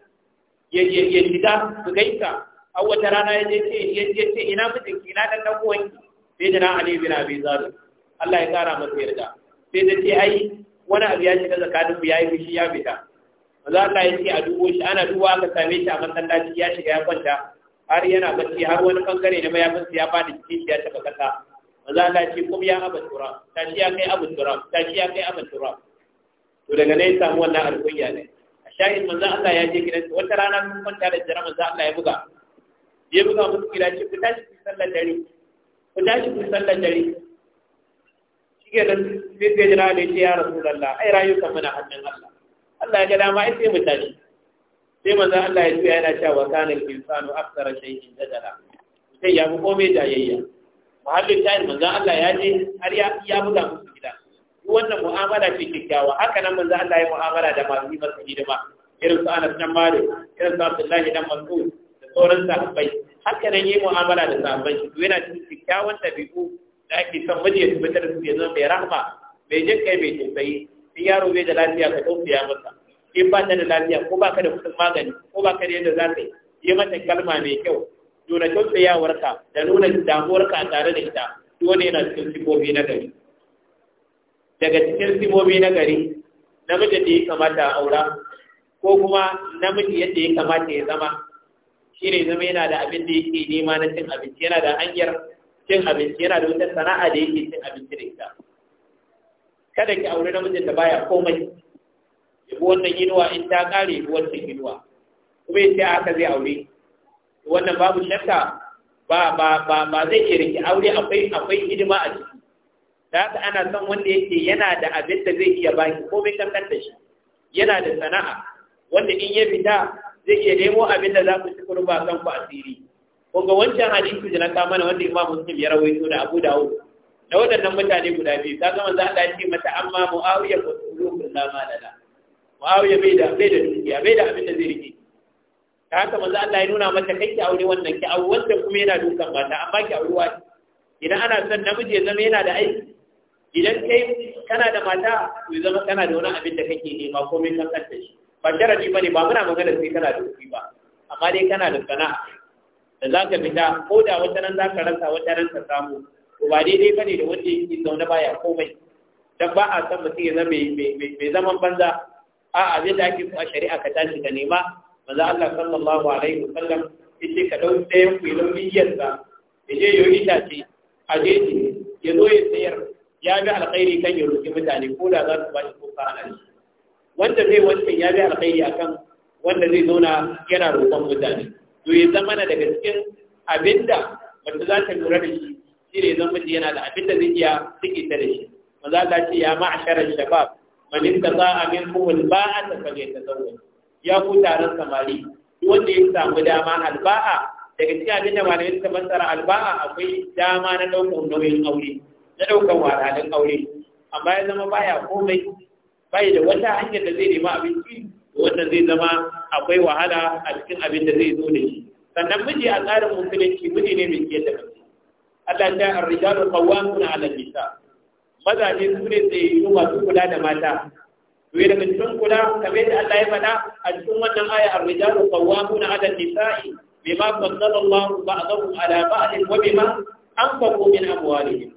ya shiga su gaita a wata rana ya je ce ya ce ina mijin ina dan dan sai da na Ali bin Abi Zaru Allah ya kara masa yarda sai da ce ai wani abu ya shiga zakatin ya yi fushi ya fita maza Allah ya ce a dubo shi ana duba aka same shi a masallaci ya shiga ya kwanta har yana bacci har wani bangare na mayafinsa ya da cikin shi ya taba kasa maza Allah ya ce kum ya abu tura tashi ya kai abu tura tashi ya kai abu tura to daga nan ya samu wannan alƙunya ne shahid manzon Allah ya je gidansa wata rana sun kwanta da jira manzon Allah ya buga ya buga musu gida ce ku tashi ku sallar dare ku tashi ku sallar dare ke nan sai ga jira da ya rasulullah ai rayukan muna hannun Allah Allah ya ga dama ai sai mu tashi sai maza Allah ya ce yana cewa kana al-insanu aktsara shay'in dadala sai ya bu komai da yayya muhallin shahid manzon Allah ya je har ya buga musu gida wannan mu'amala ce kyakkyawa haka nan manzo Allah ya mu'amala da masu yi masa hidima irin su Anas dan Malik irin su Abdullah dan Mas'ud da sauran sahabbai haka nan yayi mu'amala da sahabbai to yana cikin kyakkyawan tabi'u da ake son waje ya tabbatar da su ya mai rahma mai jin kai mai tsayi in yaro bai da lafiya ka ya masa in ba ta da lafiya ko ba ka da kuɗin magani ko ba ka da yadda za ka yi yi mata kalma mai kyau nuna tausayawarka da nuna damuwarka tare da ita dole yana cikin sifofi na gari daga cikin simomi na gari namiji da ya kamata a aura ko kuma namiji yadda ya kamata ya zama shi ne zama yana da abin da ya ke nema na cin abinci yana da hanyar cin abinci yana da wutar sana'a da yake cin abinci da ita kada ki aure namijin da baya komai bi wannan inuwa in ta kare bi wannan inuwa kuma yace haka zai aure wannan babu shakka ba ba ba ba zai iya rike aure akwai akwai hidima a ciki da haka ana son wanda yake yana da abin da zai iya baki ko bai kankan da shi yana da sana'a wanda in ya fita zai iya nemo abin da za ku ci kurba kan ku asiri kun ga wancan hadisi da na ka mana wanda Imam Muslim ya rawaito da Abu Dawud da waɗannan mutane guda biyu ga manzo Allah ya ce mata amma Muawiya ko kullu la da Muawiya bai da bai da dukiya bai da abin da zai rike da haka manzo Allah ya nuna mata kai ki aure wannan ki aure wanda kuma yana dukan mata amma ki aure wani idan ana son namiji ya zama yana da aiki idan kai kana da mata to zama kana da wani abin da kake nema mai kan kanta shi ba jarabi bane ba muna magana sai kana da kuɗi ba amma dai kana da sana'a da za ka fita ko da wata nan za ka rasa wata nan ka samu to ba daidai bane da wanda yake zaune baya komai dan ba a san mutum ya zama mai zaman banza a abin da ake a shari'a ka tashi ka nema manzo Allah sallallahu alaihi wasallam yace ka dauki ɗayan ku idan biyar sa ya je yoyi tace a je ya zo ya ya bi alkhairi kan ya roki mutane ko da za su ba shi ko ka ne wanda zai wanda ya bi alkhairi akan wanda zai zauna yana roƙon mutane to ya zama na daga cikin abinda wanda za ta lura da shi shi ne zan miji yana da abinda zai iya ciki ta da shi maza ta ce ya ma'asharar shabab man a minkum al-ba'a falyatazawwaj ya ku taron samari wanda ya samu dama alba'a daga cikin abinda malamai suka masara alba'a akwai dama na ɗaukar nauyin aure na ɗaukan wahalhalun aure amma ya zama baya komai bai da wata hanyar da zai nema abinci wanda zai zama akwai wahala a cikin abin da zai zo da shi sannan miji a tsarin musulunci miji ne mai ciyar da mace Allah ta rijalu qawwamun 'ala nisa mazaje su ne tsayayyun masu kula da mata to daga cikin kula kamar yadda Allah ya faɗa a cikin wannan aya rijalu qawwamun 'ala nisa'i bima qaddara Allah ba'dahu 'ala ba'd wa bima anfaqu min amwalihim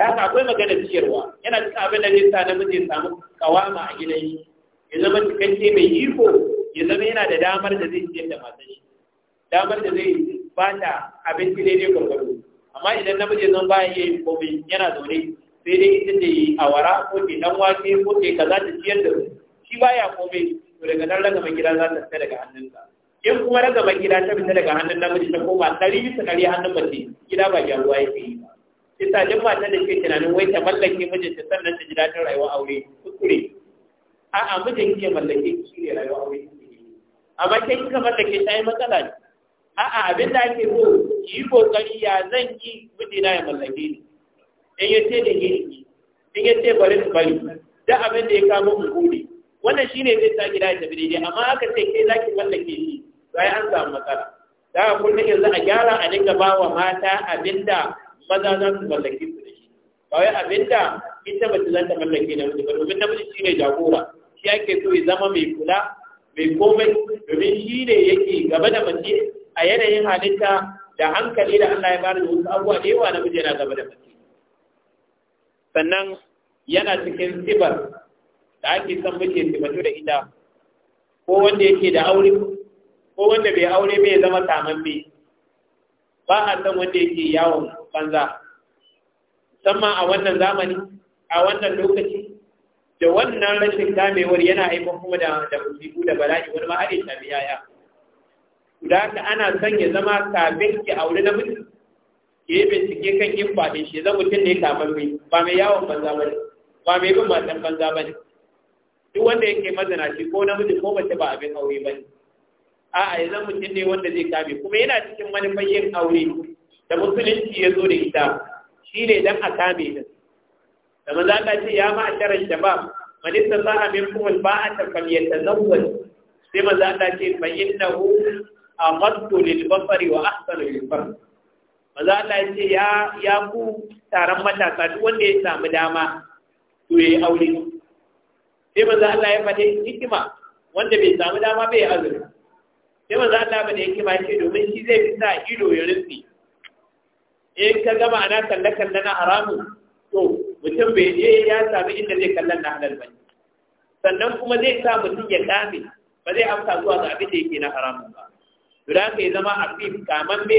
da haka akwai magana ciyarwa yana cikin abin da zai sa namiji ya samu kawama a gidan shi ya zama cikakke mai iko ya zama yana da damar da zai ciyar da matan shi damar da zai ba ta abinci daidai gwargwado amma idan namiji zan ba ya yi komai yana zaune sai dai ita da yi awara ko ke dan wake ko ke kaza ta ciyar da shi baya komai to daga nan ragama gida za ta fita daga hannunsa in kuma ragama gida ta fita daga hannun namiji ta koma ɗari bisa ɗari hannun mace gida ba gyaruwa yake yi ba kisa duk matan da ke tunanin wai ta mallake mijinta sannan ta ji daɗin rayuwa aure kuskure a'a mijin ke mallake shi ne rayuwa aure amma kai kika mallake ta yi matsala ne a'a abin da ake so ki yi kokari ya zan yi mijina ya mallake ni in ya ce da yi in ya ce bari bari da abin da ya kama mu gode wannan shi ne zai sa gida ya tafi daidai amma aka ce kai za ki mallake shi sai an samu matsala da kullum yanzu a gyara a dinga ba wa mata abin da maza za su mallake su da shi ba wai abinda ita ba ta zanta mallake na miji ba domin namiji shi ne jagora shi ake so ya zama mai kula mai komai domin shi ne yake gaba da mace a yanayin halitta da hankali da Allah ya ba da wasu abubuwa da yawa namiji yana gaba da mace sannan yana cikin sibar da ake son muke mace da ita ko wanda yake da aure ko wanda bai aure bai zama tamamme ba a san wanda yake yawon banza musamman a wannan zamani a wannan lokaci da wannan rashin damewar yana haifar kuma da da musibu da bala'i wani ma haɗe tabi yaya da haka ana son ya zama kafin ki aure na mutum ke yi bincike kan yin faɗin shi zan mutum ne kafin mai ba mai yawon banza ba ne ba mai bin matan banza ba ne duk wanda yake mazana shi ko namiji ko mace ba abin aure ba ne a'a ya zan mutum ne wanda zai kame kuma yana cikin manufan yin aure da musulunci ya zo da ita ne don a kame din da maza Allah ce ya ma a sharar shabab ba a minkum alba'ata falyatazawwaj sai maza Allah ce fa innahu amaddu lil basari wa ahsanu lil farj Maza Allah ce ya ku taron matasa duk wanda ya samu dama to yi aure sai maza Allah ya fade hikima wanda bai samu dama bai azuri sai maza Allah fata da hikima ce domin shi zai fi sa ido ya rufe in ka gama ana kalle kalle na haramu to mutum bai je ya sami inda zai kalle na halal ba sannan kuma zai sa mutum ya kame ba zai amsa zuwa ga abin da yake na haramun ba to da ka yi zama a fi kaman me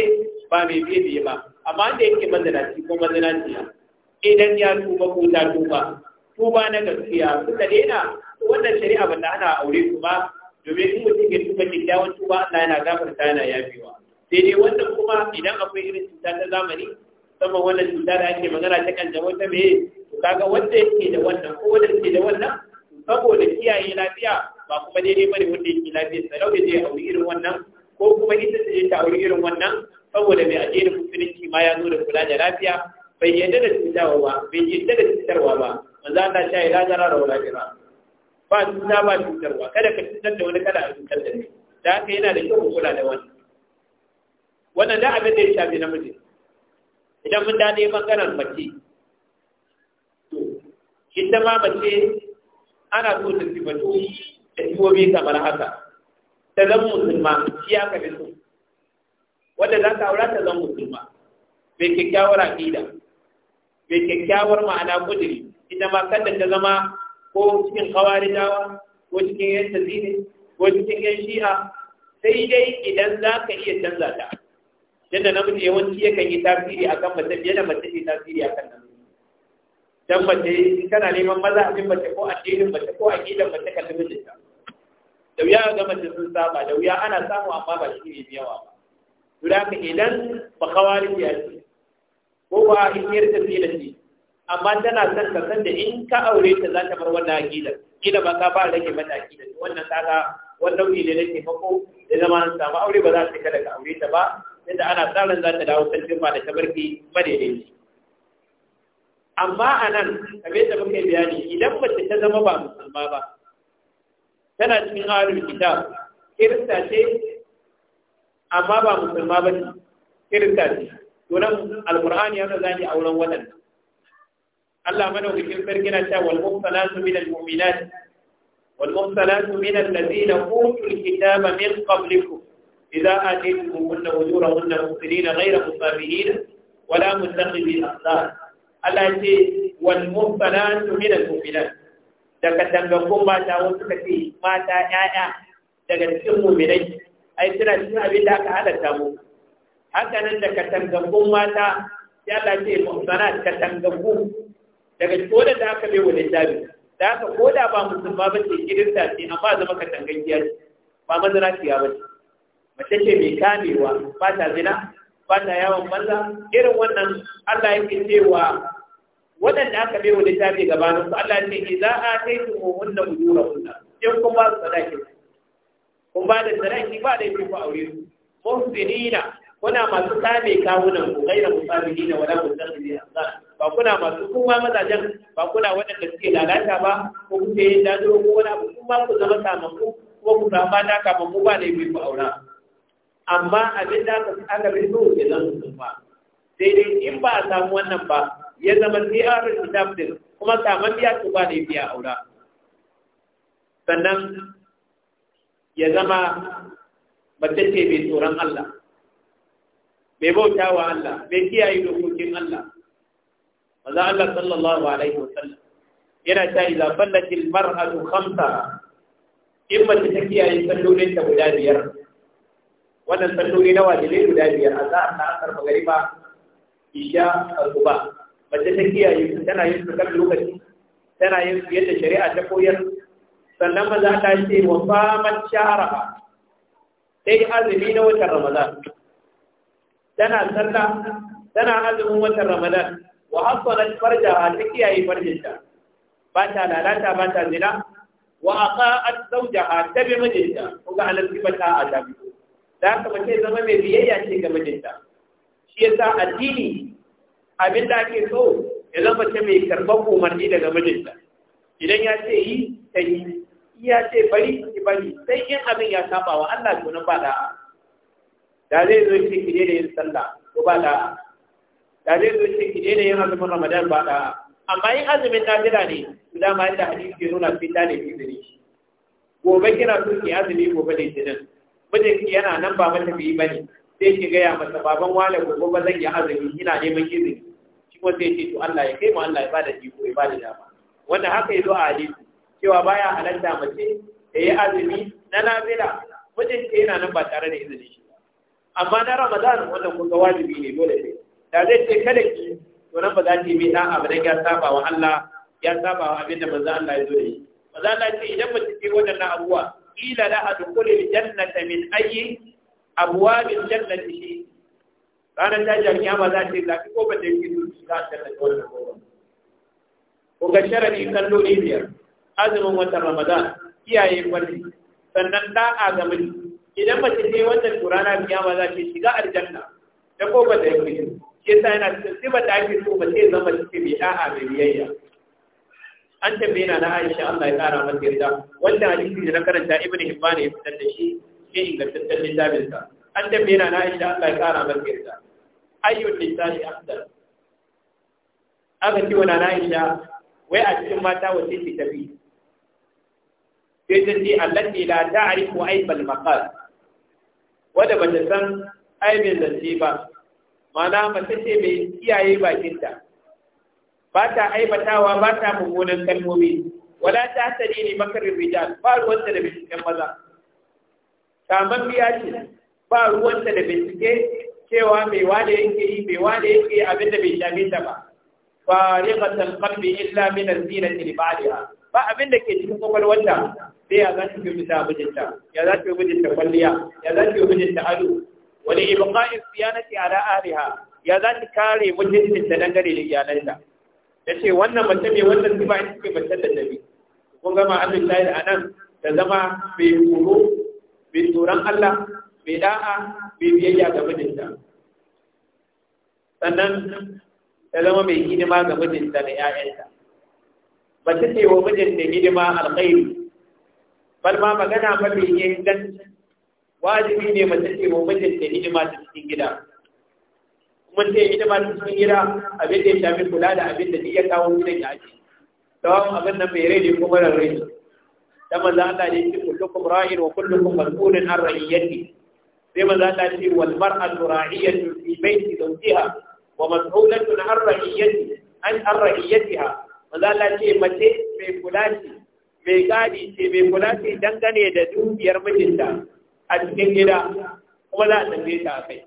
ba mai biye biye ba amma da yake mazanaci ko mazanaci idan ya tuba ko ta tuba tuba na gaskiya suka daina wannan shari'a ba ta hana aure Kuma domin in mutum ya tuba kyakkyawan tuba Allah yana gafarta yana yafewa sai dai wannan kuma idan akwai irin cuta ta zamani sama wannan cuta da ake magana ta kanjamau ta mai to kaga wanda yake da wannan ko wanda yake da wannan saboda kiyaye lafiya ba kuma daidai bane wanda yake lafiya sai da zai auri irin wannan ko kuma ita ta je ta auri irin wannan saboda mai da musulunci ma ya zo da kula da lafiya bai yadda da cutarwa ba bai yadda da cutarwa ba maza ta ya ila lazara da wala ba cuta ba cutarwa kada ka cutar da wani kada a cutar da ni, da haka yana da kyau kula da wani wannan da abin da ya shafi namiji idan mun dade bangaren mace to ita ma mace ana so ta sifatu da sifofi kamar haka ta zama musulma shi ya kafi so wanda za ka aura ta zama musulma mai kyakkyawar aƙida mai kyakkyawar ma'ana kudiri ita ma kada ta zama ko cikin dawa, ko cikin yan tazini ko cikin yan shi'a sai dai idan za ka iya canza ta yadda namiji yawanci yakan yi tasiri a kan mace yana da mace yi tasiri a kan namiji dan mace in kana neman maza abin mace ko addinin mace ko gidan mace ka tafi da da wuya ga mace sun saba da wuya ana samu amma ba shi ne yawa ba to da ka idan ba kawari ya ce ko ba in yar tafi da shi amma tana san ka san da in ka aure ta za ta bar wannan gidan gida ba ka ba rage mata gidan wannan kaga wannan ne ne ne ko da zama an samu aure ba za ta kada ka aure ta ba yadda ana tsarin za ta dawo sarkin ba da tabarki ne. amma a nan kamar da muka bayani idan mace ta zama ba musulma ba tana cikin harin kita, kirista ce amma ba musulma ba ce kirista ce to nan alqur'ani yana a auren wadanda. Allah madaukakin sarki na cewa wal muhsanatu minal mu'minat والمحصنات من الذين أوتوا kitaba min قبلكم إذا آتيتموهن أجورهن مؤمنين غير مصابين ولا متخذي أخلاق التي والمحصنات من المؤمنات daga dangakkun mata wasu ka ce mata ‘ya'ya daga cikin muminai ai suna cikin abin da aka halatta mu haka nan daga dangakkun mata ya lafiya muhsanat ka dangakku daga cikin da aka bai wa littafi da aka koda ba musulma ba ce kirista ce zama ka ba ba mace ce mai kamewa ba ta zina ba ta yawon maza. irin wannan Allah yake cewa waɗanda aka bai wa littafi gabanin su Allah ce idza ataytum hunna wanda in kun ba su sadaki kun ba da sadaki ba da yake ku aure su muhsinina kuna masu kame kawunan ku gaira musabilina wala mustaqbilina ba kuna masu kuma mazajen ba kuna waɗanda suke lalata ba ko kuke yin dadiro ko wani abu kuma ku zama kamammu kuma ku samu mata kamammu ba da yake ku aura amma abin da aka aka rubuto ke nan mutum ba sai dai in ba a samu wannan ba ya zama ziyarar kitab din kuma saman biya su ba da biya aura sannan ya zama mace ce mai tsoron Allah mai bauta wa Allah mai kiyaye dokokin Allah Maza Allah sallallahu alaihi wa sallam yana ta idza fallatil mar'atu khamsa in mace ta kiyaye sallolin ta guda biyar wannan salloli na ne guda biyar a za'an na asar magariba isha al'uba mace ta kiyaye su tana yin su kan lokaci tana yin su yadda shari'a ta koyar sannan maza ta ce wa faman shahara ta yi azumi na watan ramadan tana sallah tana azumin watan ramadan wa hasalat farjaha ta kiyaye farjinta ba ta lalata ba ta zina wa aqa'at zawjaha ta bi mijinta kuma anan sifata a tabi'u da aka mace zama mai biyayya ce ga mijinta shi yasa addini abin da ake so ya zama ce mai karɓar umarni daga mijinta idan ya ce yi ta yi ya ce bari ki bari sai in abin ya saba wa Allah to nan ba da da zai zo shi ki da yin sallah ko ba da da zai zo shi ki da yin azumin Ramadan ba da amma yin azumin nafila ne ma yadda hadisi ke nuna fita ne fi gobe kina su ki azumi gobe da jinin mijinki yana nan ba matafiyi bane sai ki gaya masa baban wale gobe ba zan yi azumi ina neman izini shi kuma sai ce to Allah ya kai mu Allah ya bada iko ya bada dama wanda haka yazo a hadisi cewa baya halatta mace da yi azumi na nafila mijinki yana nan ba tare da izini shi amma na Ramadan wannan ga wajibi ne dole ne da zai ce kada ki to nan ba za ki bi dan abin da ya saba wa Allah ya saba wa abin da manzo Allah ya zo da shi manzo Allah ce idan mutum ke wannan abuwa qila la adkhulil jannata min ayyi abwabil jannati shi ranar ta kiyama za ta yi zafi ko ba ta yi gidu za ta yi wannan ko ga kallo kalloli biyar azumin watan ramadan kiyaye kwalli sannan da'a ga miji idan mace ce wannan turana kiyama za ta shiga janna. ta ko ba ta yi gidu shi yasa yana cikin sifar da ake so mace zama cikin da'a mai biyayya an tambaye na Aisha Allah ya kara mata yarda wanda hadisi da na karanta Ibn Hibban ya fitar da shi cikin ingantaccen littafin sa an tambaye na Aisha Allah ya kara mata yarda ayyul lisani afdal aka ce wa na Aisha wai a cikin mata wace ce tafi sai ta ce allati la ta'rifu aibal maqal wanda bata san aibin zance ba ma'ana mace ce mai kiyaye bakinta ba ta aibatawa ba ta mummunan kalmomi wala ta tani ne makarin rijal ba ruwanta da binciken maza kaman biya ce ba ruwanta da bincike cewa mai wane yake yi mai wane yake yi abinda bai shafe ta ba fariqatul kalbi illa min az-zinati Ba abin ba abinda ke cikin kwakwalwarta sai ya za ta yi bisa mijinta ya za ta yi mijinta kwalliya ya za ta yi mijinta ado wani ibqa'i siyanati ala ahliha ya za ta kare ta dangane da iyalanta ya ce wannan mace mai wannan zuba ita suke mace da dabi kun gama abin layi a nan da zama mai tsoro mai tsoron Allah mai da'a mai biyayya ga mijinta sannan ta zama mai hidima ga mijinta da 'ya'yanta ba ta ce wa mijinta hidima alkhairi bal ma magana mafi inganci wajibi ne mace ce wa mijinta hidima ta cikin gida kuma sai ita ma cikin gida abin da ya shafi kula da abin da ya kawo gidan ya ake tawon abin nan mai rai ko mara rai da maza ta ne ce kullukum ra'in wa kullukum mas'ulun an ra'iyyati sai maza ta ce wal mar'atu ra'iyatu fi baiti zawjiha wa mas'ulatun an ra'iyyati an an ra'iyyatiha maza ta ce mace mai kula ce mai gadi ce mai kula ce dangane da dukiyar mijinta a cikin gida kuma za a tambaye ta a kai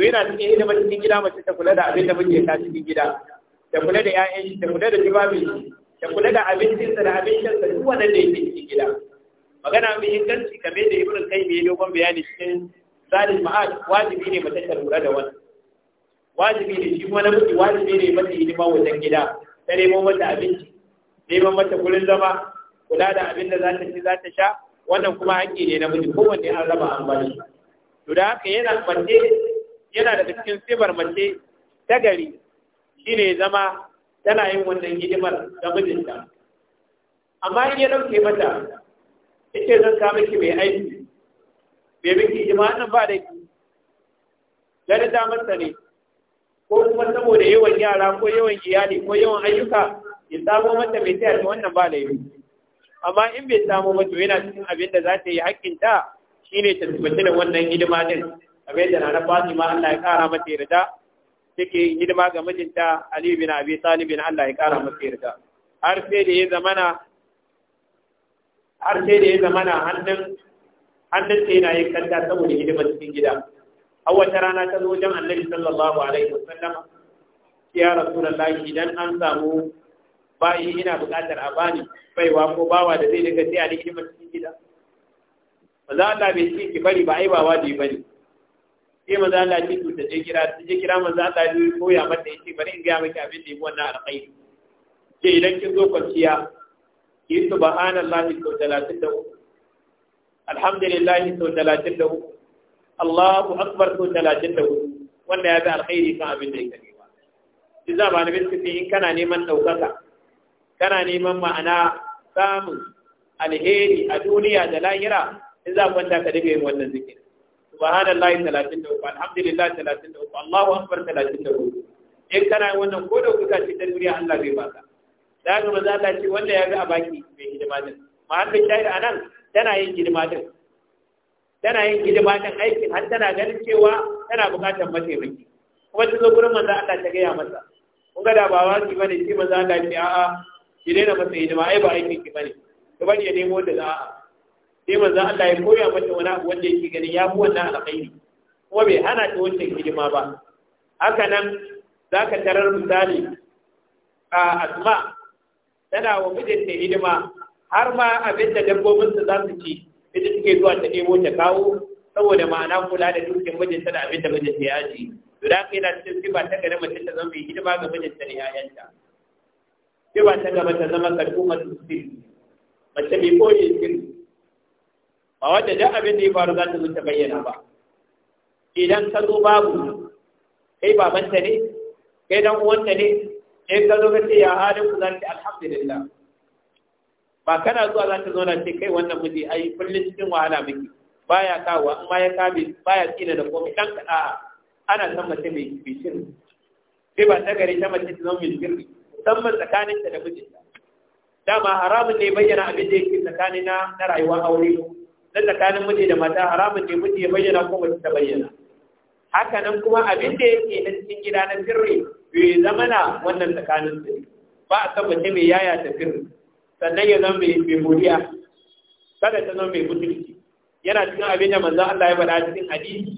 to yana cikin hidimar cikin gida mace ta kula da abin da muke ta cikin gida ta kula da ƴaƴan shi ta kula da jibabi ta kula da abincinsa da abincinsa duk wannan da yake cikin gida magana mai inganci kamar da ibrin kai mai dogon bayani cikin zalim ma'ad wajibi ne mace ta lura da wannan wajibi ne shi kuma namiji wajibi ne mata hidima wajen gida ta nemo mata abinci neman mata gurin zama kula da abin da za ta ci za ta sha wannan kuma haƙƙi ne namiji kowanne an raba an bari to da haka yana mace yana da cikin sifar mace ta gari shi ne zama tana yin wannan hidimar ga mijinta amma in ya dauke mata ita zan kama ki mai aiki mai miki jima'an ba da ki gani ta masa ne ko kuma saboda yawan yara ko yawan iyali ko yawan ayyuka ya samo mata mai tayar da wannan ba da yi. amma in bai samo mata yana cikin abin da za ta yi shi ne ta tabbatar da wannan hidima din abin da na ma Allah ya kara mata yarda take hidima ga mijinta Ali bin Abi Talib bin Allah ya kara masa yarda har sai da ya zamana har sai da ya zamana hannun hannun sai yana yin kanta saboda hidimar cikin gida a wata rana ta zo wajen Annabi sallallahu alaihi wasallam ya Rasulullahi idan an samu bayi ina buƙatar a bani baiwa ko bawa da zai daga sai a cikin gida za Allah bai ce ki bari ba ai ba yi bari sai maza Allah ce to ta je kira ta je kira maza Allah ya koya mata yace bari in ga miki abin da yi wannan alkhairi ce idan kin zo kwanciya ki subhanallahi sau 33 alhamdulillah sau 33 Allahu akbar sau 34 wanda ya bi alkhairi kan abin da ya kare ba shi za ba nabi sai in kana neman daukaka kana neman ma'ana samun alheri a duniya da lahira in za kwanta ka dinga yin wannan zikirin subhanallahi 33 alhamdulillah 33 Allahu akbar 34 in kana wannan ko da kuka ce tasbiya Allah zai baka da ga maza Allah ce wanda ya ga a baki mai hidima din mahallin shahid anan tana yin hidima yin hidima din aikin har tana ganin cewa tana bukatar mataimaki kuma ta zo gurin manzo Allah ta gaya masa kun ga da ba wasi bane shi manzo Allah ya ce a'a ki daina masa hidima ai ba aikin ki bane to bari ya nemo da a'a sai manzan Allah ya koya mata wani abu wanda yake gani ya fi wannan alkhairi kuma bai hana ta wancan hidima ba haka nan za ka tarar misali a asma tana wa mijinta hidima har ma abin da dabbobinsa za su ci ita suke zuwa ta nemo ta kawo saboda ma'ana kula da dukkan mijinta da abin da mijinta ya ci to da haka yana cikin sifa ta gane mace ta zama mai hidima ga mijinta da 'ya'yanta Siba ta gaba ta zama karɓo masu sirri mace mai koyi sirri ba wadda duk abin da ya faru za ta zo ta bayyana ba idan ka zo babu kai babanta ne kai dan uwanta ne in ka zo ka ce ya halin ku za ta alhamdulillah ba kana zuwa za ta zauna ce kai wannan miji ai kullum cikin wahala muke baya kawo amma ya kame baya tsina da komai dan a'a ana san mace mai bishir sai ba ta gare ta mace ta zama mai shirri musamman tsakaninta da mijinta dama haramun ne bayyana abin da yake tsakanin na rayuwar aure dan tsakanin miji da mata haramun ne miji ya bayyana ko mace ta bayyana haka nan kuma abin da yake na cikin gida na sirri bai zama na wannan tsakanin su ba a san mace mai yaya ta sirri sannan ya zama mai mai godiya kada ta zama mai mutunci yana cikin abin da manzon Allah ya faɗa cikin hadisi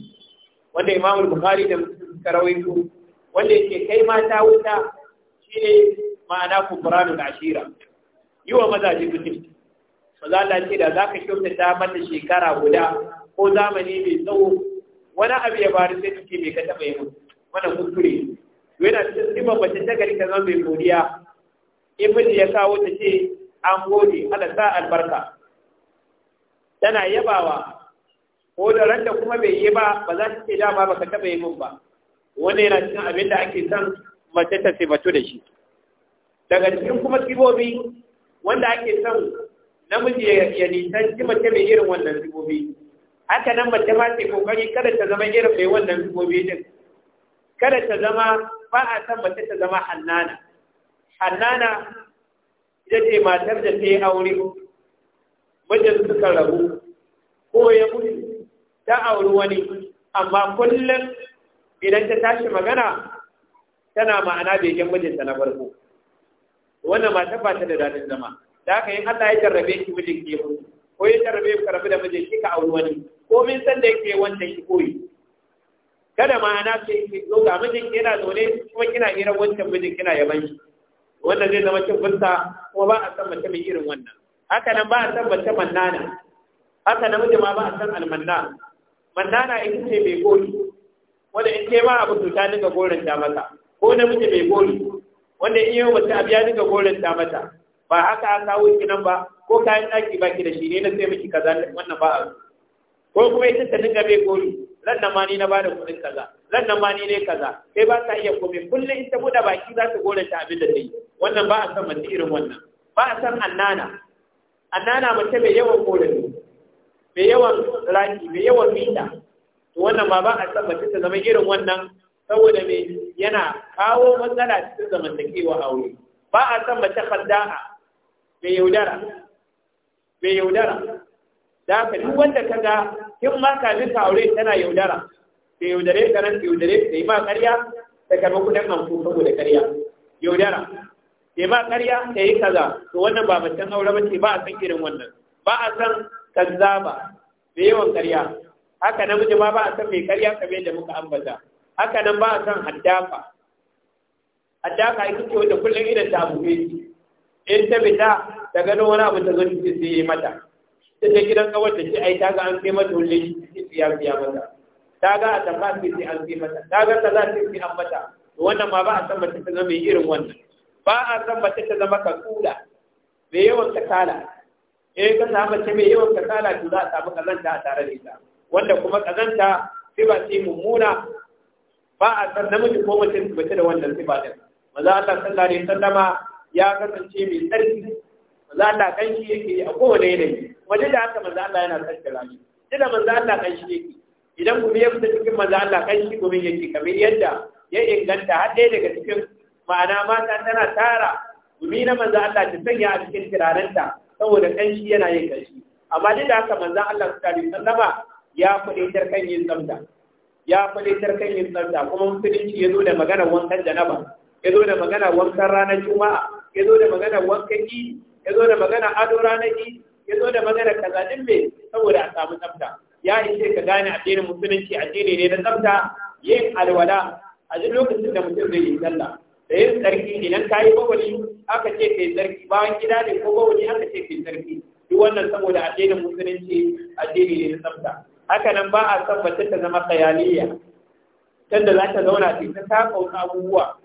wanda Imam Bukhari da Muslim suka rawaito wanda yake kai mata wuta shine ma'ana da ashira yi wa mazaje mutunci za ta ce da za ka kyautata mata shekara guda ko zamani mai tsawo wani abu ya faru sai kike mai kada mai mutu wannan kuskure yana cikin siman mace ta gari ka zama mai godiya in miji ya kawo ta ce an gode ala sa albarka tana yabawa ko da ran da kuma bai yi ba ba za ta ce dama ka taɓa yi mun ba wannan yana cikin abin da ake son mace ta sifatu da shi daga cikin kuma sifofi wanda ake son namiji ya nisanci mace mai irin wannan zubobi haka nan mace ma ce kokari kada ta zama irin mai wannan zubobi din kada ta zama ba a san mace ta zama hannana hannana ita ce matar da ta yi aure mijin suka rabu ko ya mutu ta auri wani amma kullum idan ta tashi magana tana ma'ana bai gan mijinta na farko wannan mata ba ta da daɗin zama da aka yi Allah ya jarrabe ki mijin ke mutu ko ya jarrabe ka rabu da mijin ki ka auri wani ko min san da yake wancan ki koyi kada ma ana ce ki zo ga mijin ki yana zaune kuma kina irin wancan mijin kina yaban shi wanda zai zama cin fusta kuma ba a san mace mai irin wannan haka nan ba a san mace mannana haka namiji ma ba a san almanna mannana ita ce mai goyi wanda in ce ma abu ta dinga goranta mata ko namiji mai goyi wanda in yi mace abu ya dinga ta mata ba haka an kawo shi nan ba ko kayan ɗaki ba ki da shi ne na sai miki kaza wannan ba a ko kuma yace ta dinga bai gori lannan ma ni na bada kuɗin kaza lannan ma ni ne kaza sai ba ta iya komai kullum ita buɗe baki za ta gore ta abin da ta yi wannan ba a san mace irin wannan ba a san annana annana mace mai yawan korafi mai yawan raki mai yawan mita to wannan ma ba a san mace ta zama irin wannan saboda me yana kawo matsala cikin zamantakewa aure ba a san mace khadda'a mai yaudara mai yaudara da ka duk wanda ka ga kin ma ka ka aure tana yaudara ta yaudare ka nan ta yaudare ta yi ma karya ta karɓi kuɗin amfu da karya yaudara ta ma karya ta yi kaza to wannan ba mutum aure mace ba a san irin wannan ba a san kazzaba mai yawan karya haka namiji ma ba a san mai karya kamar yadda muka ambata haka nan ba a san haddafa haddafa ita ce wanda kullum idan ta abu ne in ta fita ta gano wani abu ta zo ciki sai yi mata ta ce gidan kawai ta ce ai ta ga an fi mata wani ciki ya biya mata ta ga a fasi sai an fi mata ta ga su fi an mata wannan ma ba a san mace ta zama irin wannan ba a san mace ta zama kakula mai yawan kakala eh ka samu mace mai yawan kakala to za a samu kazanta a tare da ita wanda kuma kazanta ba sai mummuna ba a san namiji ko mace mace da wannan ba din maza Allah sallallahu alaihi wasallama ya kasance mai tsarki maza Allah shi yake a kowane yanayi kuma da haka maza Allah yana tsarkira shi duk da maza Allah shi yake idan gumi ya fita cikin maza Allah kanshi gumi yake kamar yadda ya inganta har ɗaya daga cikin ma'ana mata tana tara gumi na maza Allah ta sanya a cikin turarenta saboda shi yana yin ƙarshe. amma duk da haka maza Allah su tare sallama ya faɗi kan yin tsafta ya faɗi kan yin tsafta kuma musulunci ya zo da maganar wankan janaba ya zo da magana wankan ranar juma'a ya zo da magana wankan yi ya zo da magana ado ranar yi ya zo da magana kaza din me saboda a samu tsafta ya ishe ka gane addinin musulunci addini ne na tsafta yin alwala a duk lokacin da mutum zai yi sallah da yin tsarki idan ka yi bawali aka ce kai tsarki bayan gida ne ko bawali aka ce kai tsarki duk wannan saboda addinin musulunci addini ne na tsafta haka nan ba a san mace ta zama khayaliya tunda za ta zauna ta ta kawo abubuwa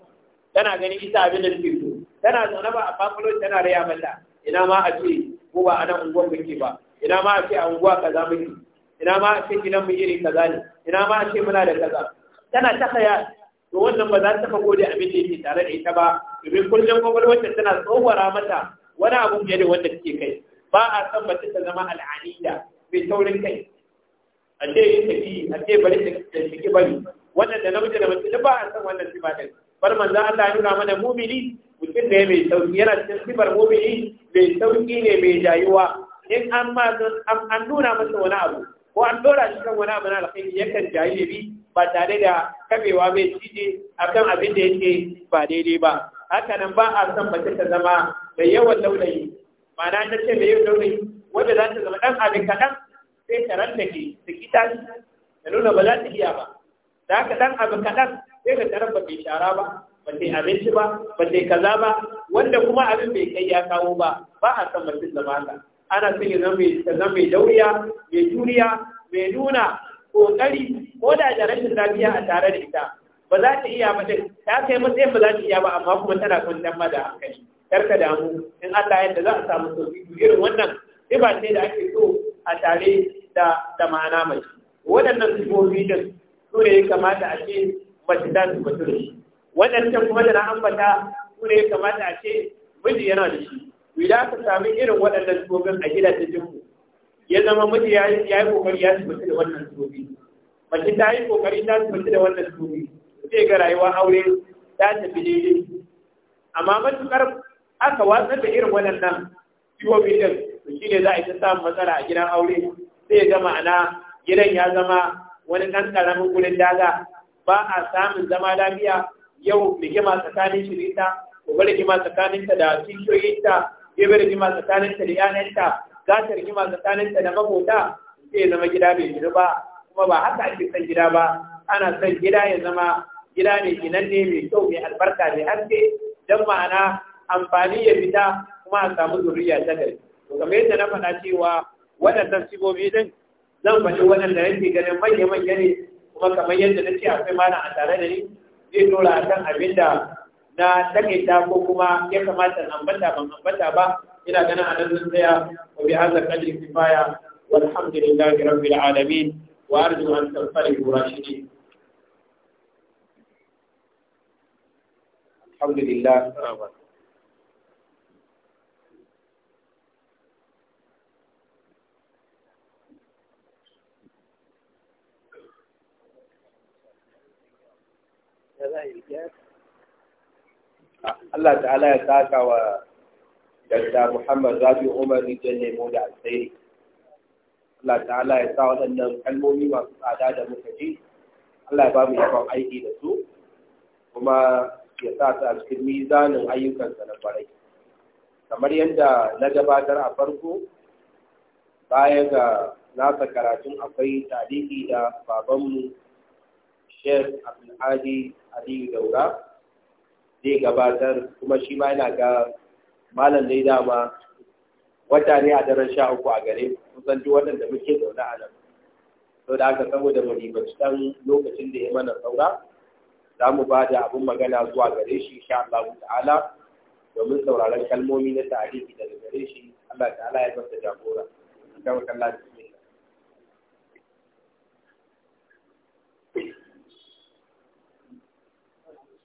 tana ganin ita abin da suke so tana zaune ba a fafulo tana raya mata ina ma a ce ko ba anan unguwar muke ba ina ma a ce a unguwa kaza muke ina ma a ce gidan mu iri kaza ne ina ma a ce muna da kaza tana ta haya to wannan ba za ta fago da abin da yake tare da ita ba domin kullum wata tana tsowara mata wani abu fiye da wanda take kai ba a san mace ta zama al'anida mai taurin kai a ce yi tafi a ce bari ta shige bari wannan da namiji da mace ba a san wannan da shi bar manzo Allah ya nuna mana mumini mutum ne mai sauki yana cikin sifar mumini mai sauki ne mai jayuwa in an ma an nuna masa wani abu ko an dora shi kan wani abu na alkhairi yakan jayi ne bi ba tare da kabewa mai cije akan abin da yake ba daidai ba haka nan ba a san mace ta zama da yawan laulayi ma'ana ta ce da yawan laulayi wanda za ta zama dan abin kaɗan sai ta rantake ta kita ta nuna ba za ta iya ba da haka dan abin kaɗan sai ka tarar ba kai shara ba ba kai abinci ba ba kai kaza ba wanda kuma abin bai kai ya kawo ba ba a san mutum zama ka. ana son ya zama mai dauriya mai juriya mai nuna kokari ko da da rashin lafiya a tare da ita ba za ta iya ba ta kai matsayin ba za ta iya ba amma kuma tana kwantar ma da hankali ka damu in Allah yadda za a samu sauki irin wannan riba ne da ake so a tare da da ma'ana mai waɗannan sifofi din su ne ya kamata a ce mace ta tabbatu da shi waɗancan kuma da na ambata su ne ya kamata a ce miji yana da shi idan ka sami irin waɗannan tsofin a gida ta jinmu ya zama miji ya yi kokari ya tabbatu da wannan tsofi mace ta yi kokari ta tabbatu da wannan tsofi zai ga rayuwa aure ta tafi daidai amma matukar aka watsar da irin waɗannan ciwobi ɗin to shi ne za a yi ta samun matsala a gidan aure sai ya zama ana gidan ya zama wani ɗan ƙaramin gurin daga ba a samun zama lafiya yau rigima tsakanin shirita gobe rigima ta da ta, kishiyoyinta gima rigima ta da ta, za ta rigima ta da makota zai zama gida mai gida ba kuma ba haka ake son gida ba ana son gida ya zama gida mai ne mai kyau mai albarka mai haske don ma'ana amfani ya fita kuma a samu zuriya ta gari kamar yadda na faɗa cewa waɗannan sibobi din zan faɗi waɗanda yake ganin manya-manya ne kuma kamar yadda na ce akwai mana a tare da ni zai dora a kan abin da na takaita ko kuma ya kamata na ambata ban ambata ba ina ganin a nan tsaya wa bi hadha qadri kifaya walhamdulillahi rabbil alamin wa arju an shi rashidin alhamdulillah Allah ta'ala ya saka wa Dr. Muhammad Rabi Umar Rijal Lemo da Alsairi. Allah ta'ala ya sa waɗannan kalmomi masu tsada da muka ji, Allah ya ba mu yawan aiki da su, kuma ya sa su a cikin mizanin ayyukansa na farai. Kamar yadda na gabatar a farko, baya ga nasa karatun akwai tarihi da babanmu Sheikh Abdulhadi Aliyu Daura zai gabatar kuma shi ma yana ga malam dai dama wata ne a daren sha uku a gare kusan duk wadanda muke zaune a nan to da aka saboda mu ribaci dan lokacin da ya mana saura za mu ba da abin magana zuwa gare shi sha Allah ta'ala domin sauraron kalmomi na tarihi daga gare shi Allah ta'ala ya masa jagora. Kan lafiya.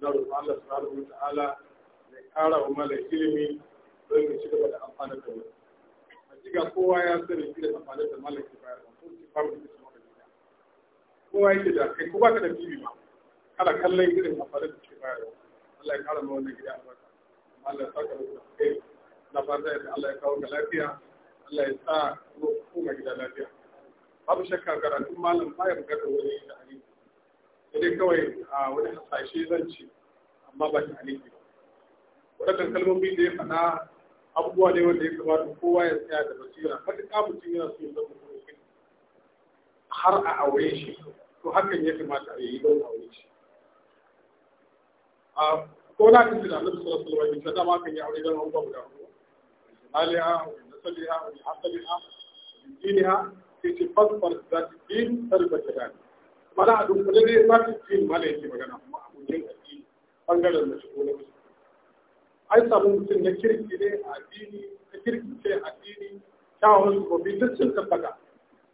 na roƙon Allah subhanahu wa ta'ala ya ƙara wa mala ilimi don ya ci gaba da amfana da wani hakika kowa ya sani irin amfani da malaki bayar da kuma cikin babu da su maka gida kowa yake da kai ko ka da bibi ba kana kallon irin amfani da cikin bayar Allah ya ƙara ma wannan gida albarka Allah ya saka da kai na fata yadda Allah ya kawo ka lafiya Allah ya sa kuma gida lafiya babu shakka karatun malam ba ya bukatar wani da alimi sai kawai a wani hasashe zan ce amma ba ta ke waɗannan kalmomi da ya faɗa abubuwa ne wanda ya kamata kowa ya tsaya da basira wani kamucin yana so ya zama kuma har a aure shi to hakan ya kamata a yi don aure shi a ko na kan da Allah sura sura yi ya dama kan yi aure don abubuwa guda uku wani wa nasaliha wa hasaliha diniha sai ce fasfar zati din tarbata dani mana a dunkule ne ba ta ce ne yake magana kuma abokin addini bangaren da shigo na musu ai samun mutum na kirki ne a addini na kirki ce addini kyawawan sufofi duk sun tabbata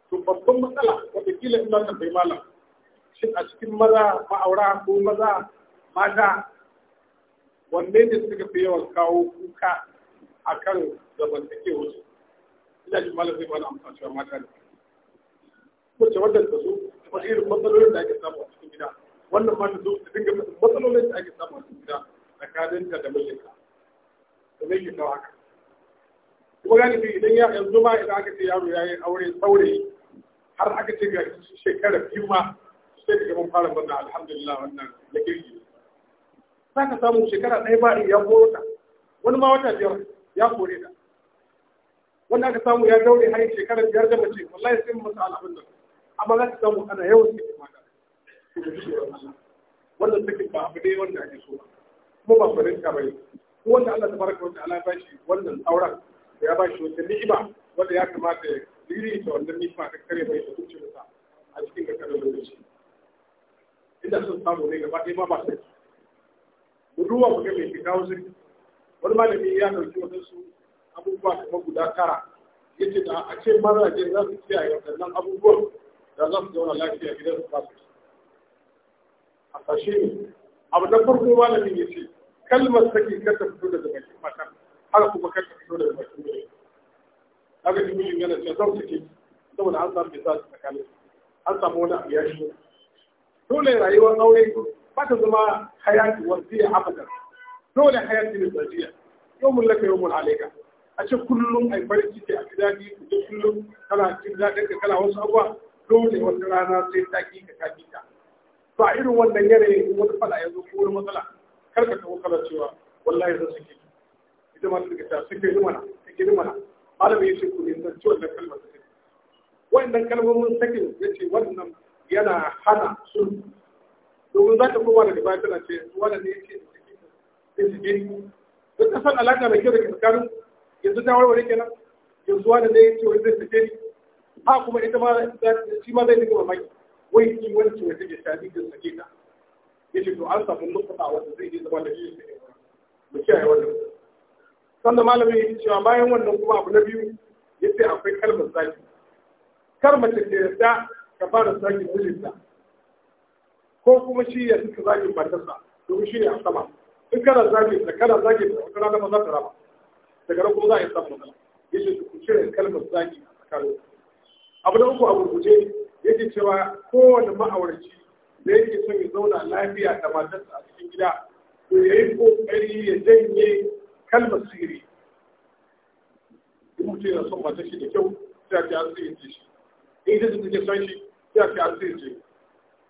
to babban matsala watakila kila ina ka bai malam shi a cikin maza ma'aura ko maza mata wanne ne suka fi yawan kawo kuka a kan zamantakewar su ina jin malam zai bani amsa cewa mata ne ko wadda ta so faɗi irin matsalolin da ake samu a cikin gida wannan ma ta zo ta dinga faɗin matsalolin da ake samu a cikin gida tsakaninta da mijinta da mijin ta haka kuma gani bi idan ya yanzu ma idan aka ce yaro ya yi aure saurayi har aka ce ga shekara biyu ma sai ka gaban fara wannan alhamdulillah wannan na girgi za ka samu shekara ɗaya ba ya koro ta wani ma wata biyar ya kore ta wanda aka samu ya daure har shekara biyar da mace wallahi sai mu masa alhamdulillah amma za ka samu ana yawan sakin mata wannan sakin ba abu ne wanda ake so kuma ba farin ka Ko wanda Allah tabaraka wa ta'ala ba shi wannan tsauran da ya ba shi wata ni'ima wanda ya kamata ya riri ta wannan ni'ima ta kare mai hukuncin sa a cikin kakarar lokaci inda sun samu ne gaba ɗaya ma ba sai mu duba mu ga mai ke kawo zuri wani malami ya ɗauki wadansu abubuwa kamar guda tara yace da a ce mazaje za su kiyaye waɗannan abubuwan da za su zauna lafiya gidan su basu a fashe abu na farko malamin ya ce kalmar saki kar ta fito daga mai matan har kuma kar ta fito daga mai matan haka shi mijin yana ce zan sake saboda an samu misali tsakanin an samu wani abu ya shi dole rayuwar aure ba ta zama hayati wasiya abadan dole hayati ne zajiya yau mun laka yau mun alaika a ce kullum a yi farin ciki a gida ni ku kullum kana jin daɗin ka kana wasu abuwa dole wata rana sai ta ki ka ka ka to a irin wannan yanayin wani fada ya zo ko wani matsala kar ka kala cewa wallahi zan sake ki ita ma suka ta suke ni mana suke ni mana malami yace ku ne zan ci wannan kalmar take wannan kalmomin sakin yace wannan yana hana su domin za ta koma daga baya tana ce wannan ne yace sai su je duk kasan alaƙa da kyau da ke tsakanin yanzu ta warware kenan yanzu wani ne yace wani zai sake ni ha kuma ita ma shi ma zai dinga mamaki wai ki wani ce wata ke tafi da sake ta ce to an samu lokuta wanda zai yi zama da shi mu kiyaye wannan sannan malamin ya cewa bayan wannan kuma abu na biyu Ya ce akwai kalmar zaki kar mace ta yarda ka fara zagin mijinta ko kuma shi ya suka zagin matarsa domin shi ne a sama in kana zagin da kana zagin da wata rana ba za ta raba. daga nan kuma za a yi samun matsala yace ku cire kalmar zaki a tsakanin abu da uku a gurguje yake cewa kowane ma'aurci da yake son ya zauna lafiya da matarsa a cikin gida to ya yi kokari ya janye kalmar sirri in mutum yana son matar shi da kyau sai a ce an ce shi in ita suke son shi sai a ce an ce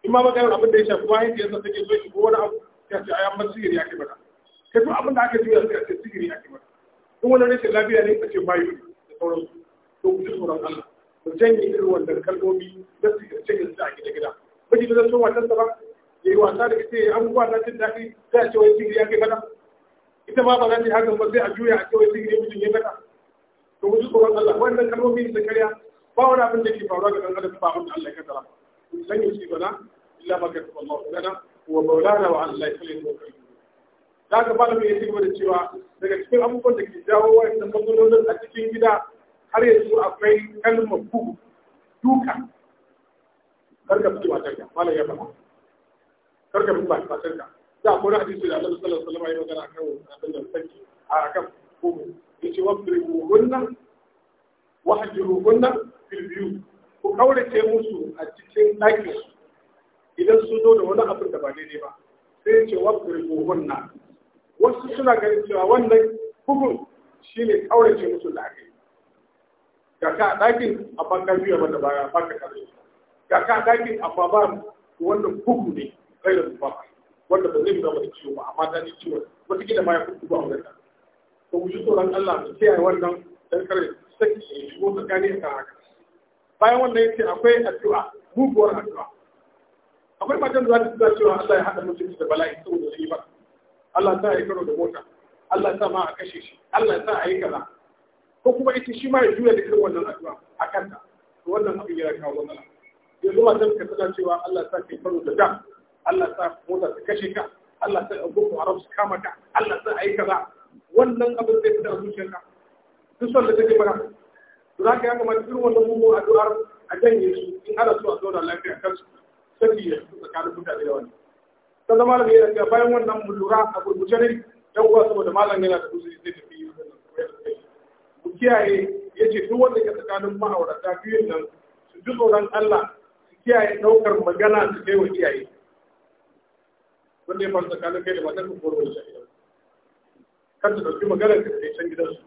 in ma magana abin da ya shafi bayan da yasa take son shi ko wani abu sai a ce ai amma sirri ake mata kai duk abin da aka juya sai a ce sirri ake mata in wani rashin lafiya ne a ce bayu da sauransu to ku ji tsoron Allah su janye irin wannan kalmomi na su girce a gida-gida miji da zartun wasan sa ba ya yi wasa da ita ya abubuwa na jin daɗi sai a ce sigiri ya kai ita ma ba za ta yi hakan ba sai a juya a ce wai sigiri mijin ya mana to mu ji tsoron Allah wannan kalmomi da karya ba wani abin da ke faruwa ga ɗan adam ba wanda Allah ya kaddara lan yusi bana illa ma kasaba Allah lana wa maulana wa Allah ya kalle mu da ka ba da mai yake da cewa daga cikin abubuwan da ke jawo wa'annan matsalolin a cikin gida har yanzu akwai kalmar bugu duka karka fito ba tarka malam ya faɗa karka fito ba tarka da akwai hadisi da Allah sallallahu alaihi wasallam ya magana akan abin da sarki a kan bugu yace wabribu hunna wahjuru hunna fil biyu ku kaurace musu a cikin ɗakin idan sun zo da wani abin da ba daidai ba sai ce wabribu nan. wasu suna ganin cewa wannan bugun shine ce musu da ake kaka dakin a amma biya juya mata baya ba ka kare ga ka a amma ba wanda kuku ne kai da ba wanda ba zai zama ciwo ba amma ta ji ciwo wata gida ma ya kuku ba wanda nan to mu ji tsoron Allah mu kiyaye wannan dan kare saki ya shigo tsakanin ka haka bayan wannan yace akwai addu'a muguwar addu'a akwai matan da za ta cewa Allah ya haɗa cikin da bala'i saboda su yi ba Allah ta yi karo da mota Allah ta ma a kashe shi Allah ta a yi kaza ko kuma ita shi ma ya juya da irin wannan addu'a a kanta to wannan abin yana kawo matsala yanzu matan ka tana cewa Allah sa kai faru da da Allah sa mota ta kashe ka Allah sa abubu haram su kama ka Allah sa ayi kaza wannan abin zai fita a zuciyarka duk son da kake mana to za ka ya ma irin wannan mummun addu'a a janye su in ana so a zauna lafiya kansu sai ya tsakanin mutane da wani sannan malam ya bayan wannan mu lura a gurguje ne yan uwa saboda malam yana da uzuri zai tafi kiyaye ya ce duk wanda ke tsakanin ma'aurata biyun nan su ji tsoron Allah su kiyaye ɗaukar magana su kai wa iyaye wanda ya fara tsakanin kai da matar ku koro da kar su ɗauki magana da kai can gidansu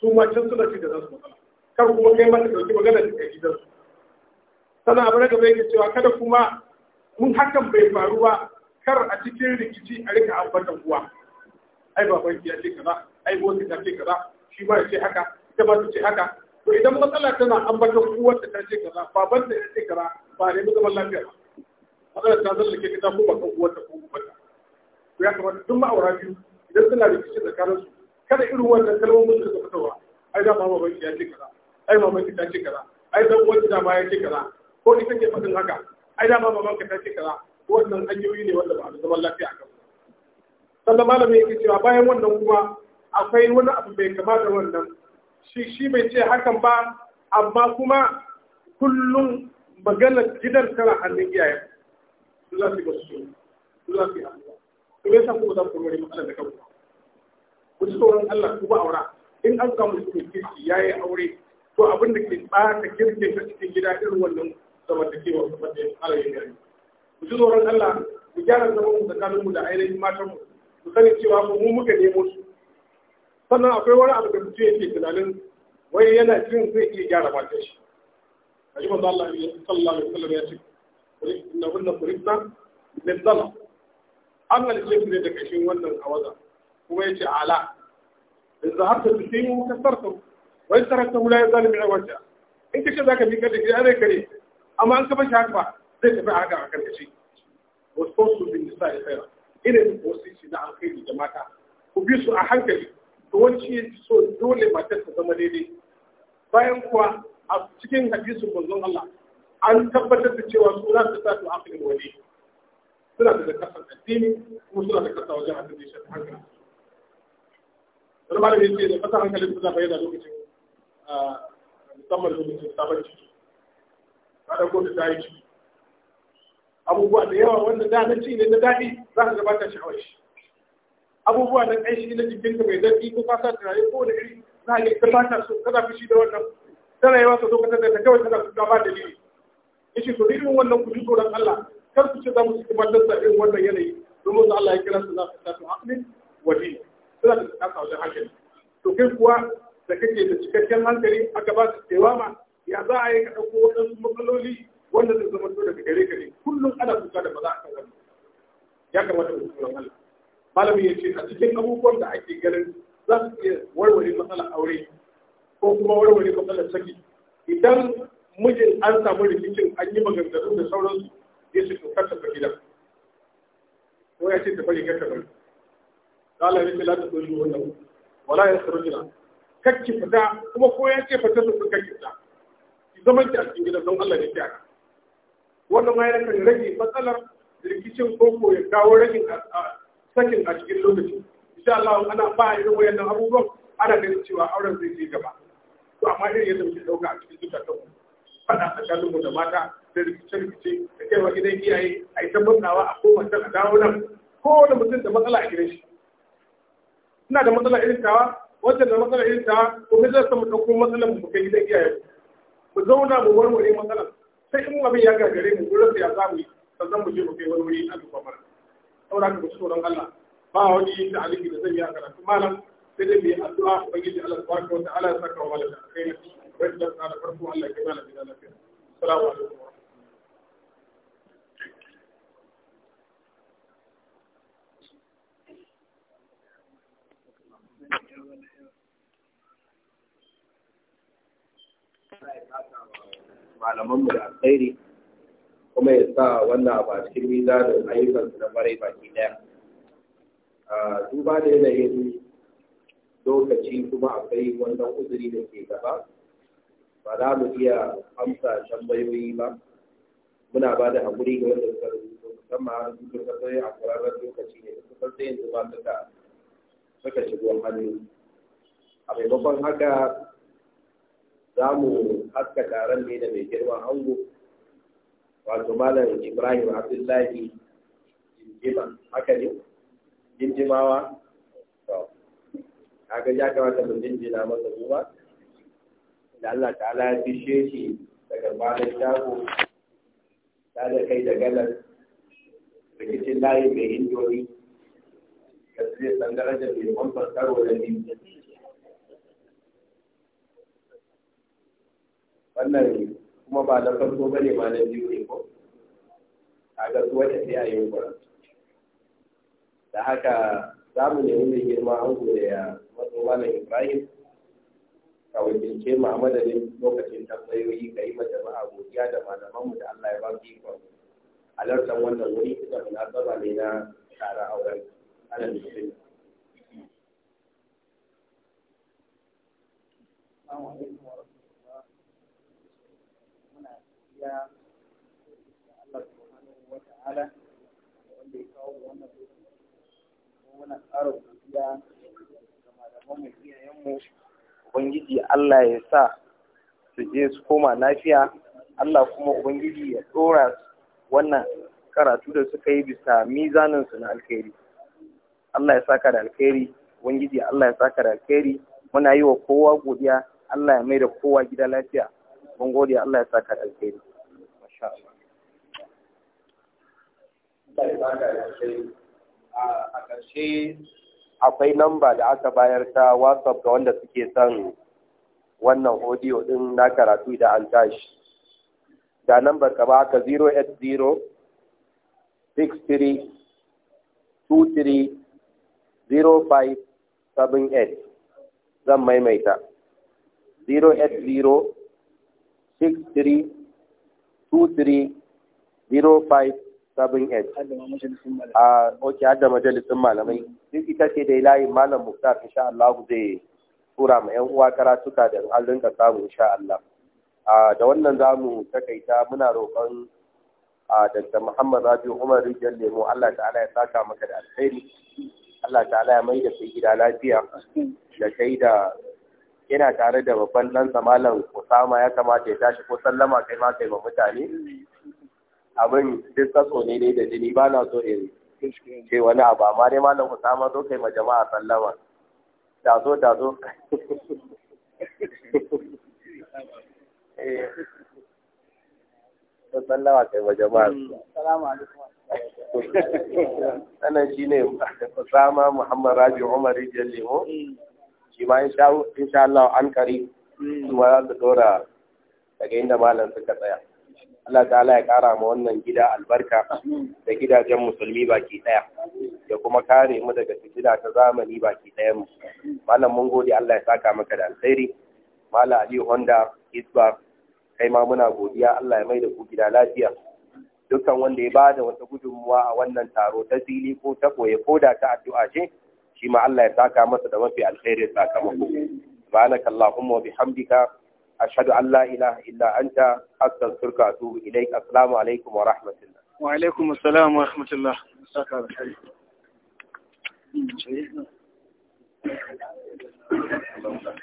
su ma can suna ci da za su matsala kar kuma kai ma ka ɗauki magana da kai gidansu sannan abu na gaba ke cewa kada kuma mun hakan bai faru ba kar a cikin rikici a rika ambatan uwa ai baban ki ya ce kaza ai wani ta ce kaza shi ba ce haka ita ba ta ce haka to idan matsala tana ambaton uwar da ta ce kaza baban da ya ce kaza ba ne mu zaman lafiya ba matsalar ta zalla ke kita ko bakan uwar ta ko uwar ta ya kamata duk ma'aura biyu idan suna rikici tsakanin su kada irin wannan kalmomin su suka fitowa ai da mama banki ya ce kaza ai mama ki ta ce kaza ai dan uwar da ba ya ce kaza ko ita ke faɗin haka ai da mama banki ta ce kaza wannan hanyoyi ne wanda ba a zaman lafiya a kan sannan malamin yake cewa bayan wannan kuma akwai wani abu bai kama da wannan shi shi bai ce hakan ba amma kuma kullum maganar gidan tana hannun iyayen su za su yi basu su za su yi abuwa to me yasa kuma za ku wani matsalar da kanku ku ji tsoron Allah ku ba aura in an samu mutum kirki ya yi aure to abin da ke ka kirkin ta cikin gida irin wannan zamantakewar kuma da yin gari ku ji tsoron Allah mu gyara zaman mu tsakaninmu da ainihin matanmu mu sani cewa mu muka nemo su sannan akwai wani abu da mutum yake tunanin wai yana jin zai iya gyara mata shi a ji manzo Allah sallallahu alaihi wasallam ya ce inna kunna quribna min zama an halice ku ne da kashin wannan awaza kuma yace ala in zahabta tusimu kasartu wa in tarakta la min wajha in kace zaka bi kada shi are kare amma an ka shi haka ba zai tafi a haka a karkashi wasu bin nisa'i khaira ina wasu shi da alkhairi jama'a mata ku bi su a hankali to so dole matar ta zama daidai bayan kuwa a cikin hadisin manzon Allah an tabbatar da cewa su za su sa su akalin wani suna da kasar addini kuma suna da kasar wajen da shi hankali wani malami ce da kasar hankali suna bayyana lokacin musamman lokacin sabon ciki ba da kodin ta yi ciki abubuwa da yawa wanda da na ci ne na daɗi za ka gabata shi a shi abubuwa na ƙanshi na jikinka mai zafi ko fasa tunani ko da iri za a yi ta su kada kana shi da wannan tana yawa ka zo ka tattata kawai tana fuska ba dalili yace to irin wannan ku ji tsoron Allah kar ku ce za mu cikin madarsa irin wannan yanayi domin su Allah ya kira su za su tafi hankali wa dini suna da tsaka wajen hankali to kai kuwa da kake da cikakken hankali aka ba su cewa ma ya za a yi ka ɗauko waɗansu matsaloli wanda zai zama dole da gare ka ne kullum ana kuka da ba za a kan wani ya kamata mu tsoron Allah malami ya ce a cikin abubuwan da ake ganin za su iya warware matsalar aure ko kuma warware matsalar saki idan mijin an samu rikicin an yi maganganu da sauransu ya ce to kar tafi gida ko ya ce tafi rigar ka bari kala ne ce la ta zuwa wannan wala ya tsaro jira kakki fita kuma ko ya ce fita su kakki fita ki zama ki a cikin gidan don Allah ne ki aka wannan ma yana kan rage matsalar rikicin koko ya kawo ragin sakin a cikin lokaci insha Allah ana ba irin wayannan abubuwan ana ganin cewa auren zai je gaba to amma irin yadda muke dauka a cikin zukatan mu fada tsakanin mu da mata da rikice rikice da kaiwa gidan iyaye a yi tabbatawa a kowace a dawo nan kowane mutum da matsala a gidan shi ina da matsala irin tawa wancan da matsala irin tawa ko mu zai samu ɗauko matsalar mu kai gidan iyaye mu zauna mu warware matsalar sai in abin ya gargare mu gurin rasa ya zamu yi sannan mu je mu kai wani wuri a duk mara saboda haka ku tsoron Allah ba wani da aliki da zai yi a karatu malam sai dai mai addu'a ubangiji Allah tabaraka wa ta'ala ya saka wa malaka kai ne wai da tsara farko Allah ya kai da lafiya assalamu alaikum malamanmu da alkhairi kuma ya sa wannan ba a cikin mizanin ayyukansu na marai baki ɗaya duba da yanayin lokaci kuma akwai wannan uzuri da ke gaba ba za mu iya amsa tambayoyi ba muna ba da haƙuri ga wanda suka rubuta musamman har su suka sai a kwararren lokaci ne da kusan sai yanzu ba suka suka shigo hannu a maimakon haka za mu haska taron ne da mai girman ango wato malam ibrahim abdullahi jimjima haka ne jimjimawa to kaga ya kamata mu jinjina masa kuma da Allah ta'ala ya fishe shi daga malam shago ta da kai da galar rikicin layi mai indomi da zai san da mai kwamfan karo da biyu wannan kuma ba na farko ba ne ma na biyu ne ko a ga su wata sai a yi da haka za mu nemi mai girma an gode ya matso malam ibrahim ka wajince mu a madadin lokacin tambayoyi ka yi mata ba godiya da malamanmu da allah ya ba su halartar wannan wuri da munasaba ne na tsara auren alal da Assalamu ga Allah subhanahu wa ta'ala wanda ya kawo mu ubangiji Allah ya sa su je su koma lafiya Allah kuma ubangiji ya dora wannan karatu da suka yi bisa mizanin su na alkhairi Allah ya saka da alkhairi ubangiji Allah ya saka da alkhairi muna yi wa kowa godiya Allah ya mai da kowa gida lafiya mun gode Allah ya saka da alkhairi a ƙarshe akwai namba da aka bayar ta whatsapp ga wanda suke son wannan audio din na karatu da an tashi da number ka ba ka 080 63 23 05 78 zan maimaita 080 63 230578 a oke hada majalisun malamai duk ita ce dai layin malam muktar insha Allah zai tura ma yan uwa karatuka da an rinka samu insha Allah ah, da wannan za mu takaita muna roƙon ah, Dr. Muhammad Rabiu Umar rijiyar Lemo Allah ta'ala ya saka maka da alheri Allah ta'ala ya mai da kai gida lafiya da kai da yana tare da babban dan malam Usama ya kamata ya tashi ko sallama kai ma kai ba mutane abin duk tsatso ne ne da jini ba na so in ce wani abu amma dai malam Usama zo kai ma jama'a sallama da eh. zo da zo ta sallama kai ma jama'a assalamu alaikum sannan shine Usama Muhammad Rabi Umar Jallimu shi ma insha Allah an kari hmm. ma za su dora daga inda malam suka tsaya Allah ta'ala ya kara ma wannan gida albarka da gidajen musulmi baki daya ya kuma kare mu daga fitina ta zamani baki daya mu malam mun gode Allah ya saka maka da alkhairi malam Ali Honda Isba kai ma muna godiya Allah ya mai da ku gida lafiya dukkan wanda ya bada wata gudunmuwa a wannan taro ta fili ko ta koye ko da ta addu'a ce shi Allah ya saka masa da mafi alkhairi sakamako subhanaka allahumma wa bihamdika ashhadu an la ilaha illa anta astaghfiruka wa atubu ilaik assalamu alaikum wa rahmatullah wa alaikum assalam wa rahmatullah saka alkhairi Thank